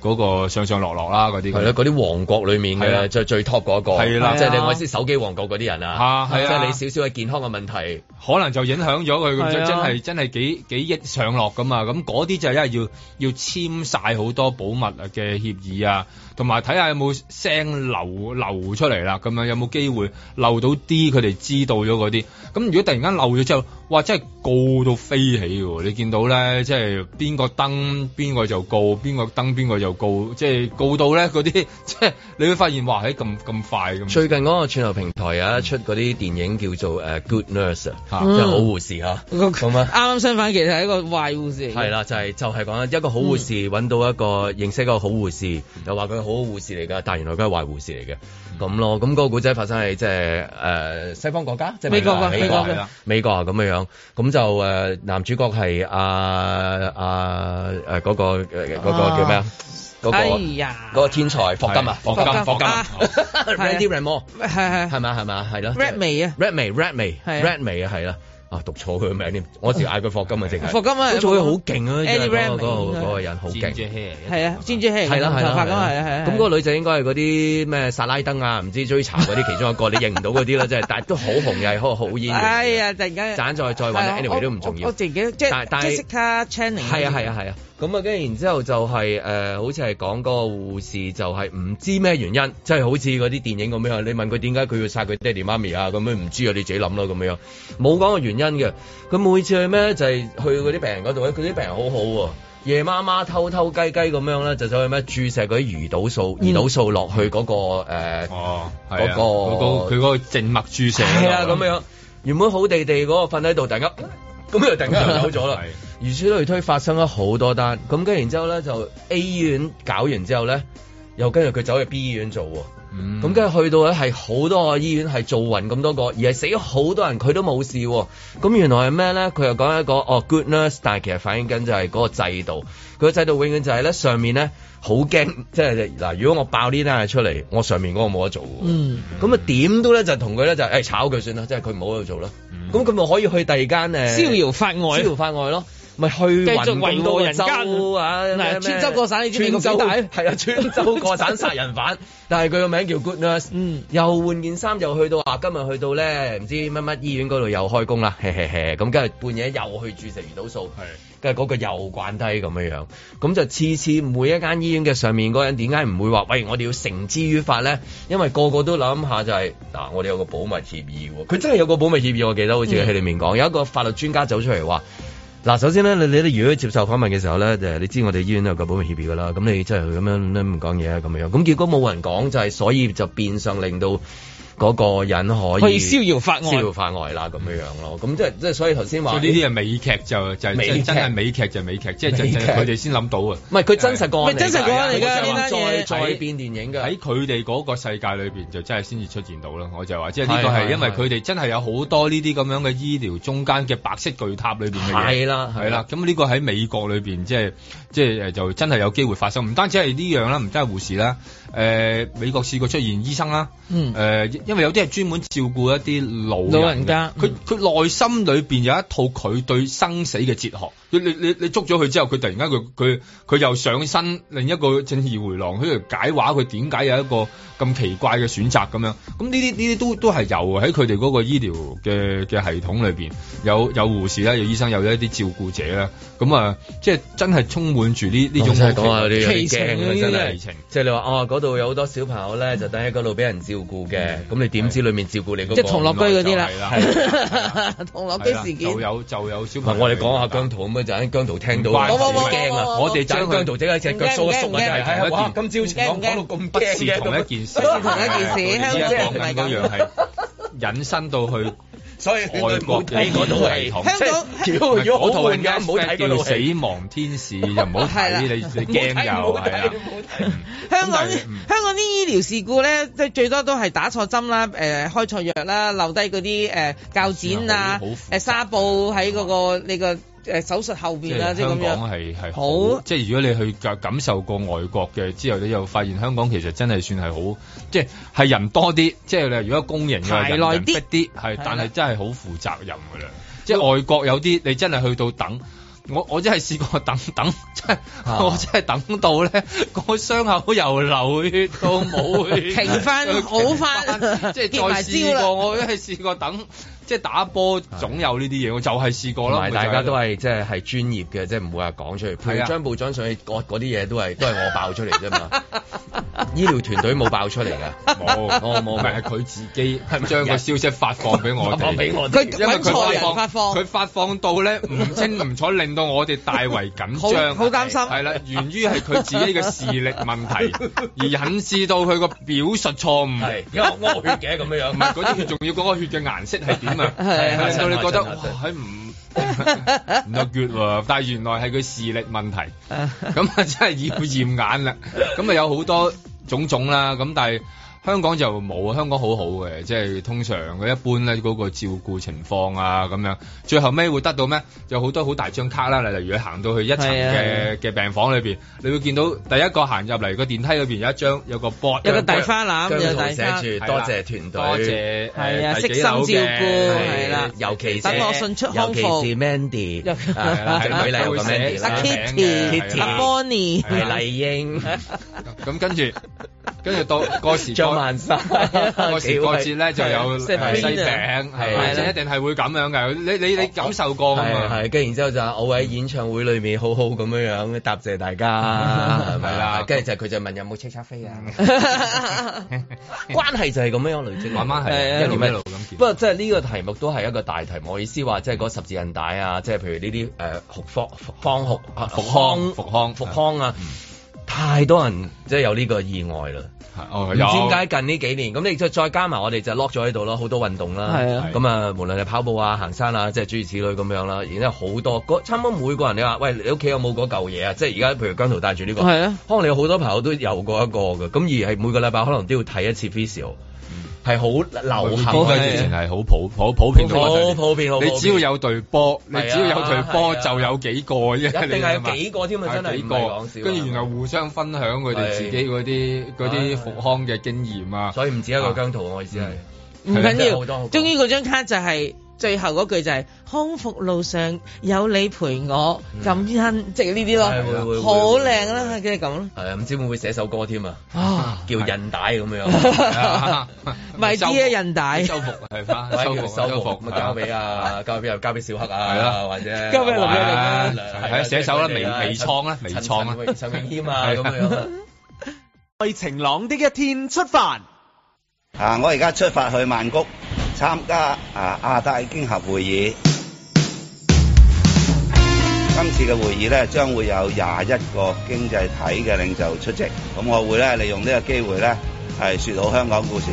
個嗰個上上落落啦嗰啲。係咯，嗰啲王國裏面嘅最最 top 嗰一個，即係、就是、你我先手機王國嗰啲人啊，即係、就是、你少少嘅健康嘅問題，可能就影響咗佢咁真係真係幾幾億上落噶嘛。咁嗰啲就係因為要要簽晒好多保密嘅。協議啊！同埋睇下有冇聲流漏出嚟啦，咁樣有冇機會漏到啲佢哋知道咗嗰啲？咁如果突然間漏咗之後，嘩，真係告到飛起喎！你見到呢，即係邊個登，邊個就告，邊個登，邊個就告，即係告到呢嗰啲，即係你會發現嘩，係咁咁快咁。最近嗰個串流平台有、啊、一、嗯、出嗰啲電影叫做《誒、uh, Good Nurse、嗯》即係啊，嚇、嗯，即係好護士嚇。咁啱啱相反，其實係一個壞護士。係啦，就係、係、就係講一個好護士揾到一個認識一個好護士，又話佢好護士嚟噶，但原來係係壞護士嚟嘅，咁咯，咁、那、嗰個古仔發生喺即係誒西方國家，即係美國、啊、美國嘅，美國啊咁樣、啊、樣，咁就誒、呃、男主角係啊，啊，誒嗰個嗰個叫咩啊？嗰個嗰個天才霍金啊，霍金，霍金 Redy Redmo 係係係嘛係嘛係咯 Red 眉啊，Red 眉，Red 眉 Red 眉啊係啦。啊，讀錯佢名添， 我以前嗌佢霍金啊，正係。霍金啊，做佢好勁啊，嗰個嗰個人好勁。係啊，尖尖係啦係啦，頭髮咁啊，係係。咁嗰、嗰個女仔應該係嗰啲咩薩拉登啊，唔知追查嗰啲其中一個， 你認唔到嗰啲啦真係，但係都好紅又係好好煙。 哎呀，突然間。揀再再揾，anyway 都唔重要。我自己即係 Jessica Channing 係啊係啊係啊！咁啊，跟住然之後就係、是、誒、呃，好似係講個護士就係唔知咩原因，即、就、係、是、好似嗰啲電影咁樣。你問佢點解佢要殺佢爹哋媽咪啊？咁樣唔知啊，你自己諗啦咁樣。冇講個原因嘅，佢每次去咩就係、是、去嗰啲病人嗰度佢啲病人好好、啊、喎，夜媽媽偷偷雞雞咁樣咧，就走去咩注射嗰啲胰島素，胰、嗯、島素落去嗰、那個、呃、哦，嗰、那個佢嗰、啊那個靜脈注射，係啊，咁樣、嗯、原本好地地嗰個瞓喺度，突然間。咁又突然間走咗啦， 如此類推發生咗好多單，咁跟然之後咧就 A 醫院搞完之後咧，又跟住佢走去 B 院、嗯、去醫院做喎，咁跟住去到咧係好多個醫院係做勻咁多個，而係死咗好多人佢都冇事，咁原來係咩咧？佢又講一個哦、oh, goodness，但係其實反映緊就係嗰個制度，佢個制度永遠就係、是、咧上面咧好驚，即係嗱，如果我爆呢單嘢出嚟，我上面嗰個冇得做喎，咁啊點都咧就同佢咧就誒、欸、炒佢算啦，即係佢唔好喺度做啦。咁佢咪可以去第二間呢？逍遙法外，逍遙法外咯，咪去到道人間啊！穿州過省，你知唔知咁大？係啊，穿州過 省殺人犯，但係佢個名叫 Good Nurse，嗯，又換件衫，又去到啊，今日去到咧，唔知乜乜醫院嗰度又開工啦，嘿嘿嘿，咁跟住半夜又去注射胰島素，係。跟、就、嗰、是、個又關低咁樣樣，咁就次次每一間醫院嘅上面嗰人點解唔會話？喂，我哋要繩之於法咧，因為個個都諗下就係、是、嗱、啊，我哋有個保密協議喎、哦。佢真係有個保密協議，我記得好似喺裏面講，有一個法律專家走出嚟話：嗱、啊，首先咧，你你如果接受訪問嘅時候咧，就你知我哋醫院都有個保密協議噶啦。咁你真係咁樣都唔講嘢啊咁樣。咁結果冇人講，就係、是、所以就變相令到。嗰、嗰個人可以去逍遙法外啦，咁樣囉。咯。咁即係即係，所以頭先話。所以呢啲係美劇就就真係美劇就美劇，即係係佢哋先諗到啊。唔係佢真實個案來，唔係真實個案嚟再再變電影嘅，喺佢哋嗰個世界裏邊就真係先至出現到啦。我就話即係呢個係因為佢哋真係有好多呢啲咁樣嘅醫療中間嘅白色巨塔裏邊嘅嘢。係啦，係啦。咁呢個喺美國裏邊即係即係就真係有機會發生。唔單止係呢樣啦，唔單係護士啦。誒、呃，美國試過出現醫生啦。嗯、誒、呃，因為有啲係專門照顧一啲老，老人家，佢佢內心裏邊有一套佢對生死嘅哲學。你你你捉咗佢之後，佢突然間佢佢佢又上身另一個正義回廊，喺度解話佢點解有一個咁奇怪嘅選擇咁樣。咁呢啲呢啲都都係由喺佢哋嗰個醫療嘅嘅系統裏邊，有有護士啦，有醫生，有一啲照顧者啦。咁啊，即係真係充滿住呢呢種奇情嘅呢啲事情。即係、就是、你話哦，嗰度有好多小朋友咧，就等喺嗰度俾人照顧嘅。咁、嗯、你點知裏面照顧你嗰、那個？即係、就是、同樂居嗰啲啦。 同樂居事件就有就有小朋友。我哋講下姜濤就喺姜濤聽到，我哋驚啊！我哋就喺姜濤整一隻腳縮嘅縮係今朝講講到咁驚，不，不，不，不、就是同一件事。香港嗰樣係引申到去外國嚟嗰度嚟。香港嗰套嘢唔好睇到，到、 就是。叫死亡天使又唔好睇，你你驚又係啊！香港香港啲醫療事故咧，最最多都係打錯針啦，誒開錯藥啦，留低嗰啲誒鉸剪啊，紗布喺嗰個呢個。誒手術後面啊，即係香港係好，好，即係如果你去感受過外國嘅之後，你就發現香港其實真係算係好，即係係人多啲，即係你如果工人嘅人逼啲，係，但係真係好負責任㗎啦。即係外國有啲，你真係去到等，我我真係試過等等，即係、啊、我真係等到咧，個傷口又流血到冇， 停翻，好翻，即係再試過，我真係試過等。即係打波總有呢啲嘢，我就係試過咯。大家都係即係係專業嘅，即係唔會話講出嚟。係啊，張部長上去，嗰嗰啲嘢都係都係我爆出嚟啫嘛。 醫療團隊冇爆出嚟㗎，冇 我、哦、冇，咪係佢自己係將個消息發放俾我哋，佢 因為佢發放，佢發、發放到咧唔清唔楚， 令到我哋大為緊張，好擔心，係啦，源於係佢自己嘅視力問題，而引致到佢個表述錯誤，因為屙血嘅咁樣樣，唔係嗰啲血仲要講個血嘅顏色係點啊？令到你覺得哇係唔得血喎，哎、 love, 但係原來係佢視力問題，咁啊真係要驗眼啦，咁啊有好多。種種啦，咁但係，香港就冇，香港好好嘅，即係通常佢一般咧嗰個照顧情況啊咁樣，最後尾會得到咩？有好多好大張卡啦，例如佢行到去一層嘅嘅病房裏邊、啊，你會見到第一個行入嚟個電梯裏邊有一張有個 board，一個大花籃又大，寫住多謝團隊，啊、多謝，係啊，悉、啊啊、心照顧，係啦、啊，尤其是，尤其是，尤，其是尤其是 Mandy，誒、啊，美麗嘅 Mandy，Kitty，Bonnie，麗英，咁、啊啊啊啊啊啊啊嗯、跟住跟住到個時 萬山，過時過節咧就有是是是西餅，係一定係會咁樣嘅。你你你，你感受過啊係，跟住然之後就我喺演唱會裏面好好咁樣樣答謝大家，係 啦、啊？跟住、啊啊啊、就佢就問有冇車叉飛啊？ 關係就係咁樣累積慢慢係、啊、一路一路咁。不過即係呢個題目都係一個大題目。我意思話即係嗰十字韌帶啊，即、就、係、是、譬如呢啲誒，復方方復康復、啊、康復康啊。啊嗯太多人即係、就是、有呢個意外啦，唔、哦、知點解近呢幾年，咁你再再加埋我哋就 lock 咗喺度咯，好多運動啦，咁啊無論係跑步啊、行山啊，即係諸如此類咁樣啦，然之後好多差唔多每個人你話，喂，你屋企有冇嗰嚿嘢啊？即係而家譬如姜濤帶住呢個、啊，可能你好多朋友都有過一個嘅，咁而係每個禮拜可能都要睇一次 facial 係好流行嘅事情，係好普普普遍，到好普，普，普遍，你只要有隊波，你只要有隊波就有幾個，一定係有幾個添啊？真係，幾個跟住，然後，然後互相分享佢哋自己嗰啲嗰啲復康嘅經驗啊！所以唔止一個姜濤、啊，我意思係唔緊要。終於嗰張卡就係、是。最後嗰句就係康復路上有你陪我、嗯、感恩，即係呢啲咯，好靚啦，即係咁咯。係、就是、啊，唔知會唔會寫首歌添啊？啊，叫韌帶咁樣，唔係啲咩韌帶？收復係啦，收復咁交俾啊，交俾又交俾小黑啊，啊或者交俾林若良，啊，寫首啦，微微創啦，微創啊，陳明謙啊，咁、啊啊啊啊啊啊啊、樣。為晴朗的一天出發啊！我而家出發去曼谷。參加啊亞太經合會議，今次嘅會議咧，將會有廿一個經濟體嘅領袖出席，咁我會咧利用呢個機會咧係説好香港故事。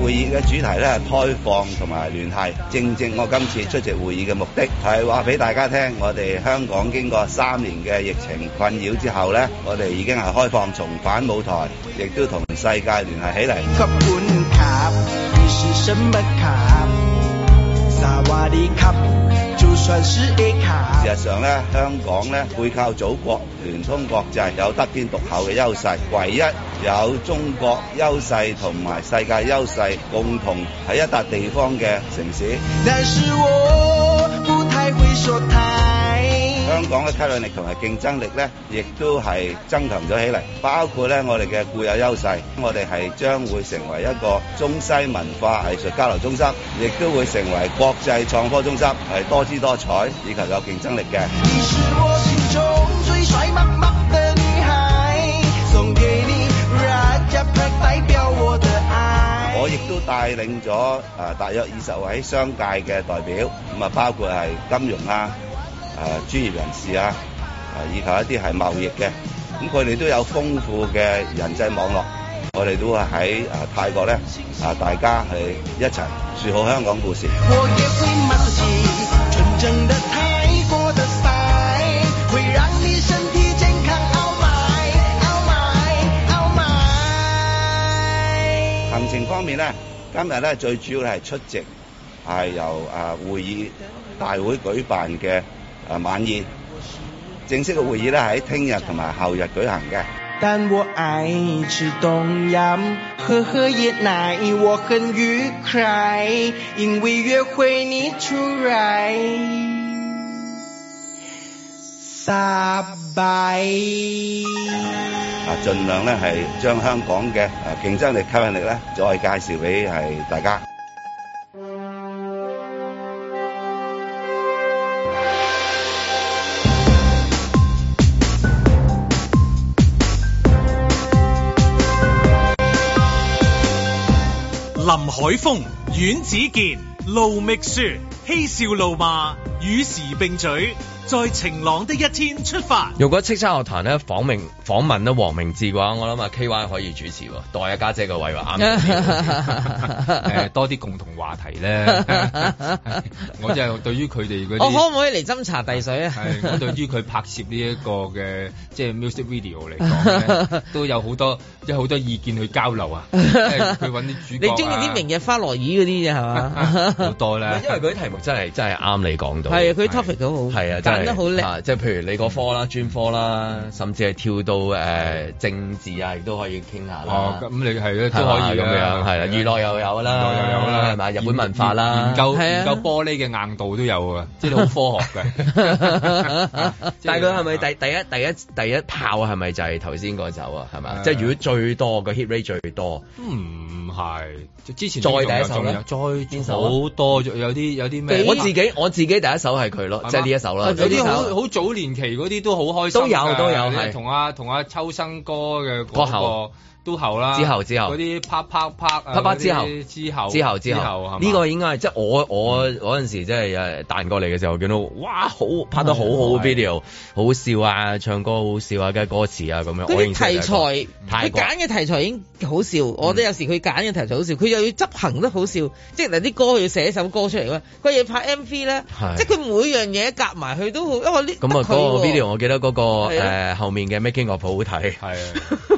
會議嘅主題咧係開放同埋聯繫，正正我今次出席會議嘅目的係話俾大家聽，我哋香港經過三年嘅疫情困擾之後咧，我哋已經係開放重返舞台，亦都同世界聯繫起嚟。卡，你是什麼卡？薩瓦迪卡，就算是 A 卡。事實上咧，香港咧，背靠祖國，聯通國際，有得天獨厚嘅優勢，唯一有中國優勢同埋世界優勢共同喺一笪地方嘅城市。但是我不太會說泰香港嘅吸引力同埋競爭力咧，亦都係增強咗起嚟。包括咧我哋嘅固有優勢，我哋係將會成為一個中西文化藝術交流中心，亦都會成為國際創科中心，係多姿多彩，以及有競爭力嘅。我亦都帶領咗啊，大約二十位商界嘅代表，咁啊包括係金融啊。啊，專業人士啊，啊，以及一啲係貿易嘅，咁佢哋都有豐富嘅人際網絡，我哋都係喺啊泰國咧啊，大家去一齊説好香港故事。行程方面咧，今日咧最主要係出席係、啊、由啊會議大會舉辦嘅。啊，晚宴，正式嘅會議呢喺聽日同埋後日舉行嘅。但我愛吃冬陰，喝喝椰奶，我很愉快，因為約會你出來。拜。啊，儘量呢係將香港嘅啊競爭力、吸引力呢再介紹俾係大家。林海峰、阮子健、盧覓雪嬉笑怒罵，與時並舉。在晴朗的一天出發。如果叱咤樂壇咧訪明訪問咧黃明志嘅話，我諗啊 KY 可以主持，代阿家姐嘅位話啱 多啲共同話題咧。 我真係對於佢哋我可唔可以嚟斟茶遞水啊？係， 我對於佢拍攝呢一個嘅即係 music video 嚟講都有好多即係好多意見去交流 去找啊。佢啲主你中意啲明日花落兒嗰啲嘅係嘛？好 多啦， 因為佢啲題目真係真係啱你講到的，係佢 topic 都好，係啊， 得好叻，即係譬如你嗰科啦、專科啦，甚至係跳到誒、呃、政治啊，亦都可以傾下啦。咁、哦、你係都可以咁、啊、嘅，係啦，娛樂又有啦，又有啦，係咪？日本文化啦，研，研，究，研究玻璃嘅硬度都有啊，即係好科學嘅。但係佢係咪第第一 第一第一，第一炮係咪就係頭先嗰首啊？係咪？即係如果最多個 hit rate 最多。嗯係，之前還還再第一首啦，再見首好多，有啲有啲咩？我自己我自己第一首係佢咯，即係呢一首啦、就是。有啲好好早年期嗰啲都好開心，都有都有係同阿同阿秋生哥嘅嗰、那個。之後啦，之後嗰啲啪啪啪，啪啪之後、啊、之後之後之後，呢、這個應該係即係我我嗰陣、嗯、時即係誒彈過嚟嘅時候，見到哇好拍得好好嘅 video，好笑啊，唱歌好笑啊，梗係歌詞啊咁樣。佢啲題材，佢揀嘅題材已經好笑。我覺得有時佢揀嘅題材好笑，佢、嗯、又要執行得好笑。即係嗱啲歌佢要寫首歌出嚟啦，佢要拍 MV 咧，即係佢每樣嘢夾埋去都好，因為呢。咁啊，嗰、那個 video 我記得嗰、那個誒、呃、後面嘅 making 樂譜好睇。係啊。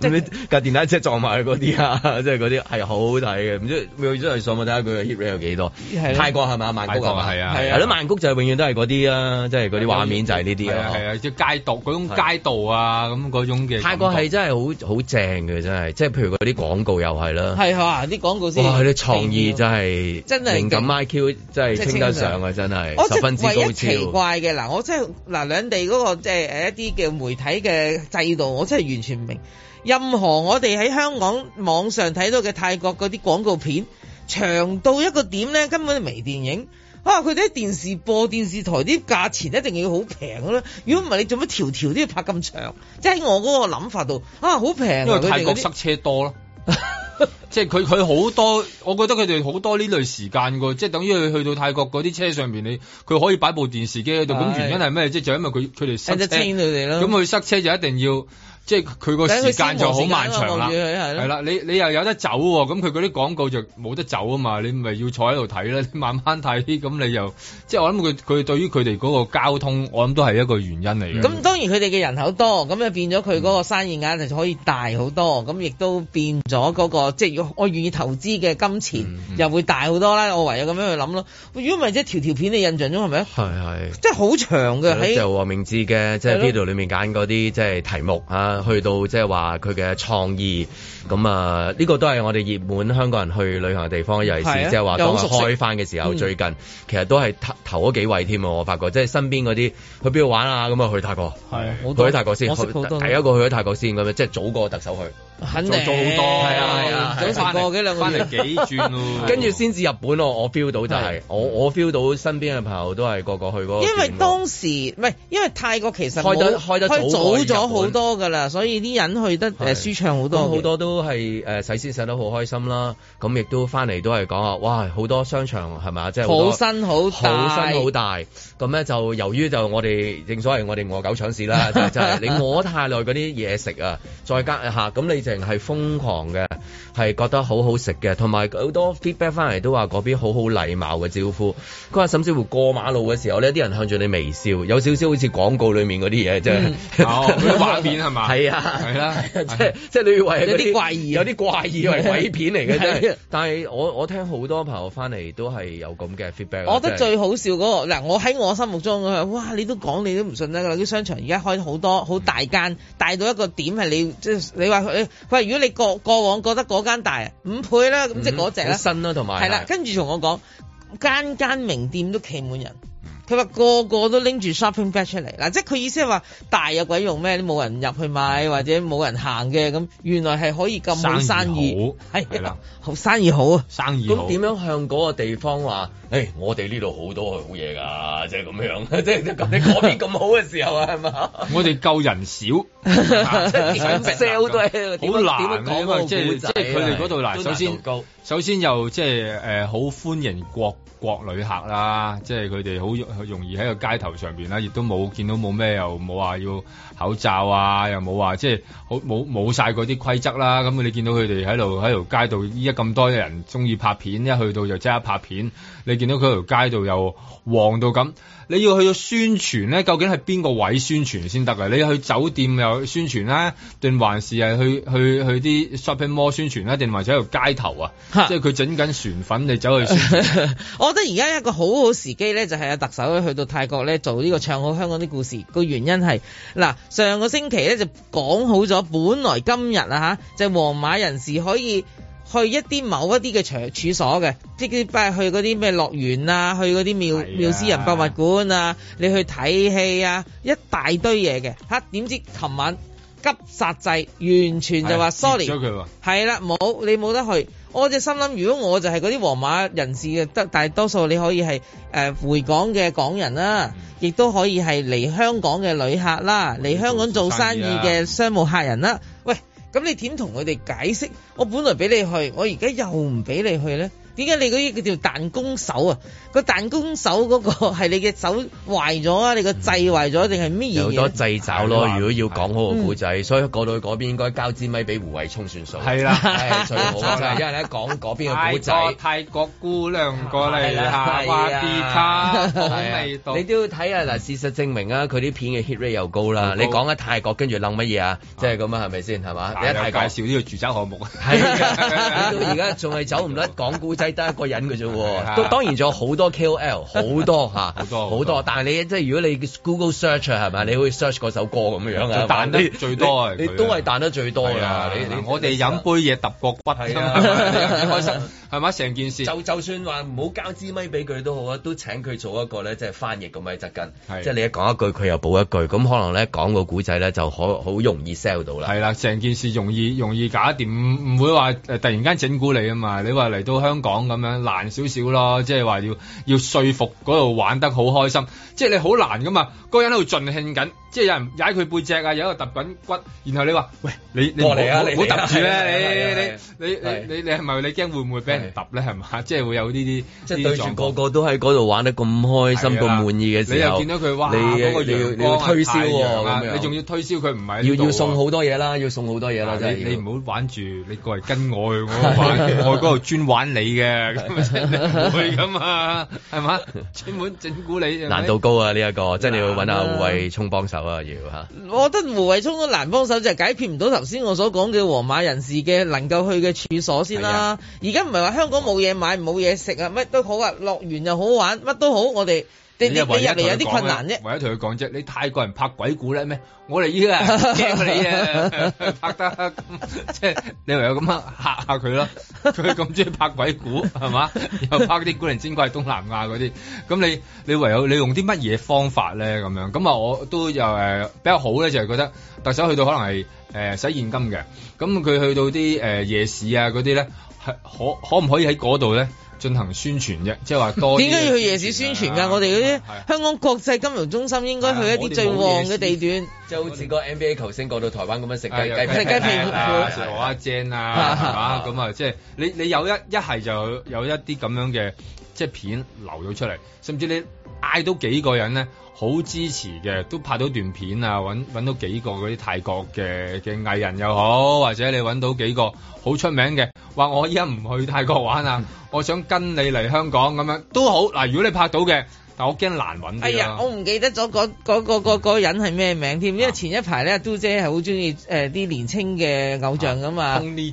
你架電單車撞埋去嗰啲啊，即係嗰啲係好好睇嘅。唔知真係想想看看有冇人上網睇下佢嘅 hit rate 有幾多是？泰國係咪曼谷係啊，係啊，曼谷就係永遠都係嗰啲啊，即係嗰啲畫面就係呢啲啊，係啊，即係街道嗰種街道啊，咁嗰種嘅。泰國係真係好好正嘅、就是，真係，即係譬如嗰啲廣告又係啦，係啊，啲廣告先。哇，啲創意真係，真係靈感 IQ 真係稱得上啊，真係十分之高超。奇怪嘅，嗱，我真係嗱兩地嗰個即係誒一啲嘅媒體嘅制度，我真係完全唔明。任何我哋喺香港網上睇到嘅泰國嗰啲廣告片，長到一個點咧，根本就微電影。啊，佢哋喺電視播，電視台啲價錢一定要好平咯。如果唔係，你做乜條條都要拍咁長？即係我嗰個諗法度啊，好平啊。因為泰國塞車多咯， 即係佢佢好多，我覺得佢哋好多呢類時間喎。即係等於佢去到泰國嗰啲車上邊，你佢可以擺部電視機喺度。咁原因係咩？即係就因為佢佢哋塞車，佢哋咯。咁佢塞車就一定要。即係佢個時間就好漫長啦，係啦，你你又有得走喎、哦，咁佢嗰啲廣告就冇得走啊嘛，你咪要坐喺度睇啦，你慢慢睇啲，咁你又。即係我諗佢佢對於佢哋嗰個交通，我諗都係一個原因嚟嘅。咁當然佢哋嘅人口多，咁就變咗佢嗰個生意額就可以大好多，咁亦都變咗嗰、嗰個即係我願意投資嘅金錢又會大好多啦。我唯有咁樣去諗咯。如果唔係即係條條片，你印象中係咪？係係，即係好長嘅。就明志嘅即係呢度裏面揀嗰啲即係題目啊。去到即係話佢嘅創意，咁啊呢、這個都係我哋熱門香港人去旅行嘅地方，尤其是即係話講開翻嘅時候、啊，最近其實都係頭幾嗰位添，啊、嗯，我發覺即係身邊嗰啲去邊度玩啊咁，啊去泰國，啊、去咗泰國先去，第一個去咗泰國先咁樣，即係早過特首去。肯定，做好多，係啊，啊啊早過幾翻嚟幾轉喎？跟住先至日本，咯、就係啊，我 feel 到就係，我我 feel 到身邊嘅朋友都係個個去嗰，因為當時，唔係，因為泰國其實開，開得早咗好多㗎啦，所以啲人去得舒暢好多，好多都係誒、呃、使錢使得好開心啦。咁亦都翻嚟都係講啊，哇！好多商場係咪啊？即係好新好好新好大。咁咧就由於就我哋正所謂我哋餓狗搶屎啦， 就就係你餓太耐嗰啲嘢食啊，再加嚇咁你就。係瘋狂嘅，係覺得好好食嘅，同埋好多 feedback 翻嚟都話嗰邊好好禮貌嘅招呼。佢話甚至乎過馬路嘅時候呢，啲人向住你微笑，有少少好似廣告裏面嗰啲嘢啫。嗯、 哦，畫面係嘛？係啊，係啦、啊，即係、啊啊就是、你以為有啲怪異，有啲怪異，係、啊、鬼片嚟嘅啫。但係我我聽好多朋友翻嚟都係有咁嘅 feedback。我覺得最好笑嗰、嗰個，嗱，我喺我心目中哇，你都講你都唔信得啦。啲商場而家開好多好大間，大、嗯、到一個點係你即係、就是、你話喂，如果你過過往覺得嗰間大五倍啦，咁、嗯、即係嗰隻新、同埋係啦，跟住同我講間間名店都企滿人。佢話個個都拎住 shopping bag 出嚟，嗱，即係佢意思係話大有鬼用咩？都冇人入去買或者冇人行嘅，咁，原來係可以咁好生意，生意好生意好。生意咁點樣向嗰個地方話？誒、哎哎，我哋呢度好多好嘢㗎，即係咁樣，即 係你嗰邊咁好嘅時候係嘛？ 我哋夠人少，即係想 sell 都係好難啊，即係即係佢哋嗰度嗱，首、就是就是、先。首先又即係好歡迎各國旅客啦，即係佢哋好容容易喺個街頭上面啦，亦都冇見到冇咩又冇話要口罩啊，又冇話即係好冇冇曬嗰啲規則啦。咁、嗯、你見到佢哋喺度喺條街度依家咁多人中意拍片，一去到就即刻拍片，你見到佢條街度又旺到咁。你要去到宣傳咧，究竟係邊個位宣傳先得啊？你要去酒店又宣傳啦，定還是係去去去啲 shopping mall 宣傳啦，定還是喺度街頭啊？即係佢整緊船粉，你走去宣傳 我覺得而家一個好好時機咧，就係阿特首去到泰國咧做呢個唱好香港啲故事。個原因係嗱，上個星期咧就講好咗，本來今日啊吓，就係、黃碼人士可以。去一啲某一啲嘅場處所嘅，即係去嗰啲咩樂園啊，去嗰啲廟廟私人博物，物館啊，你去睇戲啊，一大堆嘢嘅吓，點知琴晚急殺制，完全就話 sorry，係啦冇你冇得去。我就心諗，如果我就係嗰啲黃碼人士嘅，得大多數你可以係誒、呃、回港嘅港人啦、啊，亦都可以係嚟香港嘅旅客啦，嚟香港做生意嘅商務客人啦、啊。咁你點同佢哋解釋，我本來俾你去，我而家又唔俾你去咧？點解你嗰啲叫彈弓手啊？個彈弓手嗰個係你嘅手壞咗啊？你個掣壞咗定係咩嘢？有多掣找咯。如果要講好個古仔，所以過到去嗰邊應該交支咪俾胡慧沖算數。係啦、啊，係、啊、最好嘅。因為咧講嗰邊嘅古仔，泰國姑娘過嚟下挖地卡，啊啊、你都要睇下嗱。事實證明啊，佢啲片嘅 hit rate 又高啦、啊。你講啊泰國，跟住諗乜嘢啊？即係咁啊，係咪先係嘛？你太、啊啊啊、介紹呢個住宅項目啊， 你到而家仲係走唔甩講古。 得一個人嘅啫喎，當然仲有好多 KOL，好多吓好 多好多。但係你即係如果你 Google search 係咪你可以 search 嗰首歌咁樣樣，彈得最多係你。你都係彈得最多㗎、啊。你你，你我哋飲杯嘢揼個骨，開心係嘛？成、啊啊啊啊、件事就就算話唔好交支咪俾佢都好啊，都請佢做一個咧，即、就、係、是、翻譯咁樣質根，即係、啊就是、你一講一句佢又補一句，咁可能咧講個古仔咧就可好容易 sell 到啦。係啦、啊，成件事容易容易搞掂，唔會話話、呃、突然間整蠱你啊嘛。你話嚟到香港。講咁樣難少少咯，即係話要要說服嗰度玩得好開心，即係你好難噶嘛。個人喺度盡興緊，即係有人踩佢背脊啊，有一個揼緊骨，然後你話喂，你你過嚟啊，唔好揼住咧，你、啊、你你你你你係咪你驚會唔會俾人揼咧？係嘛，即係會有呢啲，即係對住個個都喺嗰度玩得咁開心、咁滿意嘅時候，你又見到佢哇，你、嗰個嘢，你你要推銷，你仲要，要推銷佢唔係要要送好多嘢啦，要送好多嘢啦，你唔好玩住，你過嚟跟我玩我度專玩你。嘅咁啊會咁啊，係 嘛？專門整蠱你難度高啊！呢、這、一個、啊、真係要揾阿胡慧沖幫手啊！要嚇，我覺得胡慧沖都難幫手，就係、是、解決唔到頭先我所講嘅黃碼人士嘅能夠去嘅處所先啦、啊。而家唔係話香港冇嘢買冇嘢食啊，乜都好啊，樂園又好玩，乜都好，我哋。你你入嚟有啲困難啫，唯有同佢講啫。你泰國人拍鬼故咧咩？我哋依家驚你啊！拍得即係你唯有咁樣嚇下佢咯。佢咁中意拍鬼故係嘛？又拍嗰啲古靈精怪東南亞嗰啲。咁你你唯有你用啲乜嘢方法咧？咁樣咁啊！我都又誒比較好咧，就係覺得特首去到可能係誒使現金嘅。咁佢去到啲誒夜市啊嗰啲咧，係可可唔可以喺嗰度咧？進行宣傳啫，即係話多。點解要去夜市宣傳㗎？我哋嗰啲香港國際金融中心應該去一啲最旺嘅地段，啊。就好似個 NBA 球星過到台灣咁樣食雞雞食雞皮，食阿 Jane 啊，係、啊、咁啊，啊，啊啊嗯、即係你你有一一係就有一啲咁樣嘅即係片流咗出嚟，甚至你。嗌到幾個人咧，好支持嘅，都拍到段片啊！搵揾到幾個嗰啲泰國嘅嘅藝人又好，或者你搵到幾個好出名嘅，話我依家唔去泰國玩啊、嗯，我想跟你嚟香港咁樣都好。嗱，如果你拍到嘅，但我驚難揾到啊！哎、我唔記得咗嗰個個個人係咩名添，因為前一排咧，嘟姐係好中意誒啲年青嘅偶像噶嘛。Tony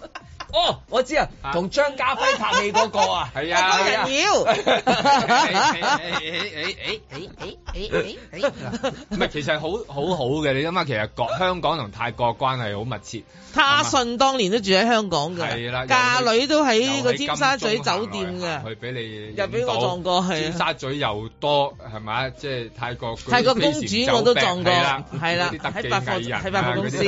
哦，我知啊，同張家輝拍戲嗰個啊，係啊，人、啊、妖。唔係，其實好好好嘅，你諗下，其實香港同泰國關係好密切。他信當年都住喺香港㗎，嫁女都喺個尖沙咀酒店㗎，又俾我撞過去。尖沙咀又多係咪啊？即係、就是、泰國。泰國公主我都撞過啦，係啦，喺百貨喺百貨公司。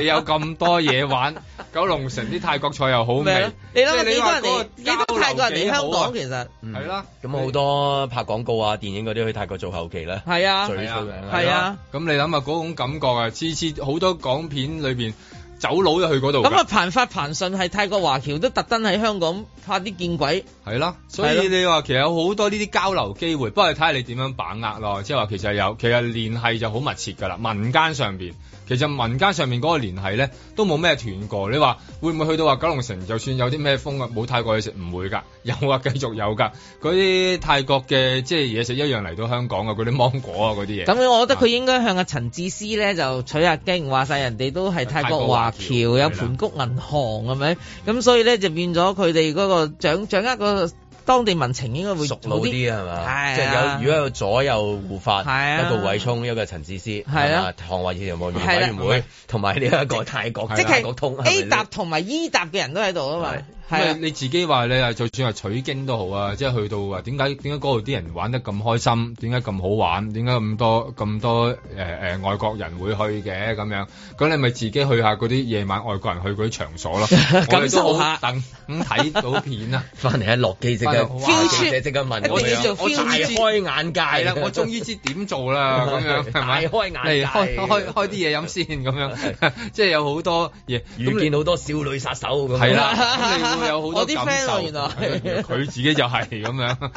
你有咁多嘢玩，九龍城啲泰國菜又好味，你諗幾多人哋，幾多泰國人嚟香港，啊、其實係啦，咁好多拍廣告啊、電影嗰啲去泰國做後期咧，係啊，係啊，咁、啊啊啊、你諗下嗰種感覺啊，次次好多港片裏邊走佬都去嗰度。咁啊，彭發彭、彭順係泰國華僑，都特登喺香港拍啲見鬼，係咯、啊，所以你話其實有好多呢啲交流機會，不過睇下你點樣把握咯，即係話其實有，其實聯繫就好密切噶啦，民間上邊。其實民間上面嗰個聯繫咧，都冇咩斷過。你話會唔會去到話九龍城，就算有啲咩風啊，冇泰國嘢食，唔會噶，有啊，繼續有噶。嗰啲泰國嘅即係嘢食一樣嚟到香港啊，嗰啲芒果啊，嗰啲嘢。咁、嗯、我覺得佢應該向阿陳智思咧就取下經，話晒。人哋都係泰國華僑，泰國華僑，有盤谷銀行係咪？咁、嗯、所以咧就變咗佢哋嗰個掌掌握、那個。當地民情應該會一熟路啲係嘛？即係有如果有左右護法，一個偉聰，一個陳思思係啊，唐慧賢又冇完委員會，同埋呢一個泰國的的泰國通 A 達同埋伊達嘅人都喺度啊嘛。是的是的啊、你自己話你就算係取經都好啊，即係去到啊，點解點解嗰度啲人玩得咁開心，點解咁好玩，點解咁多咁多、呃、外國人會去嘅咁樣？咁你咪自己去下嗰啲夜晚外國人去嗰啲場所咯。咁 好。 下等咁睇到片啦，翻嚟一落機即刻，小姐即刻問我、啊，我，我，我、， 啊、我 大開眼界。啦，我終於知點做啦，咁樣係咪開眼界？開開啲嘢飲先咁樣， 是啊、 即係有好多嘢， 見到好多少女殺手咁樣。啦。 有好多感受，佢自己就係咁樣，呢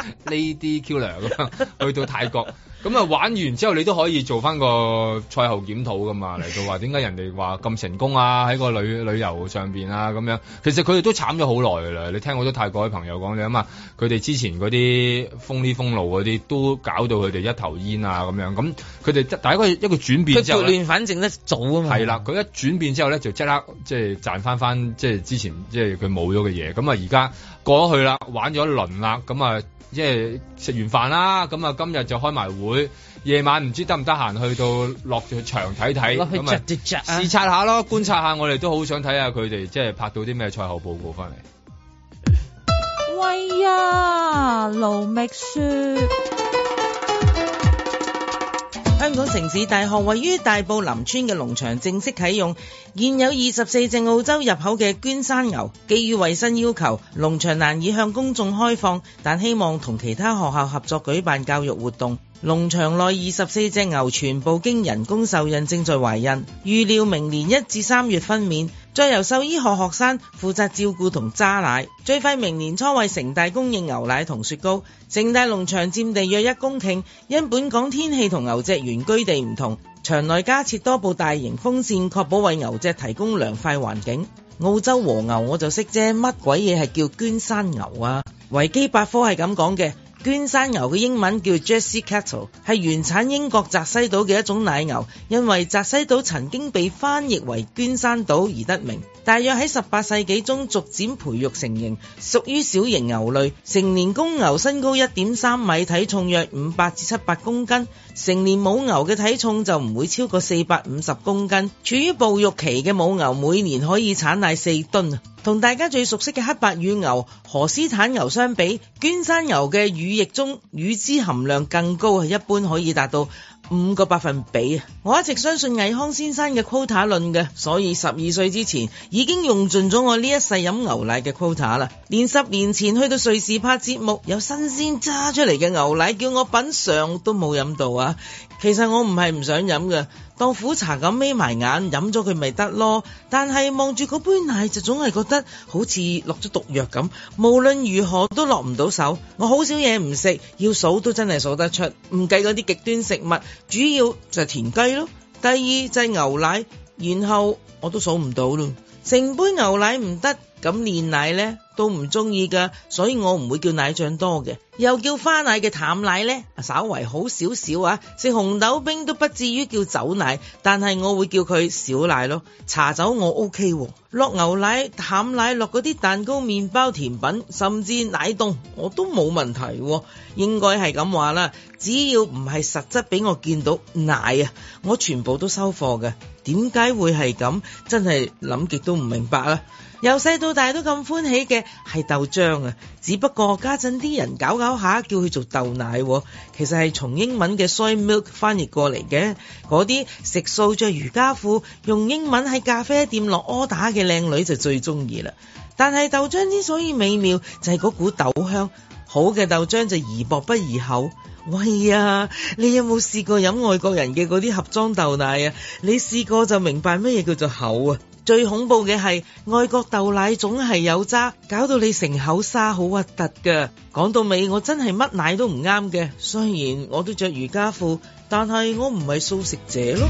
啲 killer 咁去到泰國。咁啊玩完之後，你都可以做翻個賽後檢討噶嘛，嚟到話點解人哋話咁成功啊？喺個旅旅遊上面啊咁樣，其實佢哋都慘咗好耐噶啦。你聽好多泰國嘅朋友講嘢啊嘛，佢哋之前嗰啲風利風路嗰啲，都搞到佢哋一頭煙啊咁樣。咁佢哋大家一個轉變之後，佢撥亂反正得早啊嘛。係啦，佢一轉變之後咧，就即刻即係賺翻翻，即係之前即係佢冇咗嘅嘢。咁啊，而家。過咗去啦，玩咗一輪啦，咁啊，即係食完飯啦，咁啊，今日就開埋會，夜晚唔知得唔得閒去到落去場睇睇，咁啊，視察下咯，觀察下，我看看，我哋都好想睇下佢哋即係拍到啲咩賽後報告翻嚟。喂啊，盧覓雪。香港城市大學位於大埔林村嘅農場正式啟用，現有二十四隻澳洲入口嘅娟姍牛。基於衛生要求，農場難以向公眾開放，但希望同其他學校合作舉辦教育活動。農場內二十四隻牛全部經人工受孕，正在懷孕，預料明年一至三月分娩。再由獸醫學學生負責照顧同揸奶，最快明年初為城大供應牛奶同雪糕。城大農場佔地約一公頃，因本港天氣同牛隻原居地唔同，場內加設多部大型風扇，確保為牛隻提供涼快環境。澳洲和牛我就識啫，乜鬼嘢係叫娟姍牛啊？維基百科係咁講嘅。娟山牛嘅英文叫 Jersey cattle，係原產英國澤西島嘅一種奶牛，因為澤西島曾經被翻譯為娟山島而得名。大約喺十八世紀中逐漸培育成形，屬於小型牛類。成年公牛身高一點三米，體重約五百至七百公斤。成年母牛嘅體重就唔會超過四百五十公斤。處於哺育期嘅母牛每年可以產奶四噸。同大家最熟悉嘅黑白乳牛荷斯坦牛相比，娟山牛嘅乳液中乳脂含量更高，係一般可以達到五個百分比啊！我一直相信倪匡先生嘅 quota 論嘅，所以十二歲之前已經用盡咗我呢一世飲牛奶嘅 quota 啦。連十年前去到瑞士拍節目，有新鮮揸出嚟嘅牛奶叫我品嘗都冇飲到啊！其實我唔係唔想飲㗎，當苦茶咁眯埋眼飲咗佢咪得咯。但係望住嗰杯奶就總係覺得好似落咗毒藥咁，無論如何都落唔到手。我好少嘢唔食，要數都真係數得出，唔計嗰啲極端食物。主要就係田雞咯，第二就係牛奶，然後我都數唔到咯，成杯牛奶唔得。咁煉奶呢都唔中意噶，所以我唔會叫奶醬多嘅，又叫花奶嘅淡奶呢，稍微好少少啊。食紅豆冰都不至於叫酒奶，但係我會叫佢少奶咯。茶酒我 OK，落牛奶、淡奶、落嗰啲蛋糕、麵包、甜品，甚至奶凍我都冇問題。應該係咁話啦，只要唔係實質俾我見到奶啊，我全部都收貨嘅。點解會係咁？真係諗極都唔明白啊！由細到大都咁歡喜嘅係豆漿啊，只不過家陣啲人搞搞下叫佢做豆奶，其實係從英文嘅 soy milk 翻譯過嚟嘅。嗰啲食素着瑜伽褲，用英文喺咖啡店落 order 嘅靚女就最中意啦。但係豆漿之所以美妙就係、是、嗰股豆香，好嘅豆漿就宜薄不宜厚。喂啊，你有冇試過飲外國人嘅嗰啲盒裝豆奶啊？你試過就明白咩嘢叫做厚啊！最恐怖嘅係，外國豆奶總係有渣，搞到你成口沙很，好核突㗎。講到尾，我真係乜奶都唔啱嘅。雖然我都着瑜伽褲，但係我唔係素食者咯。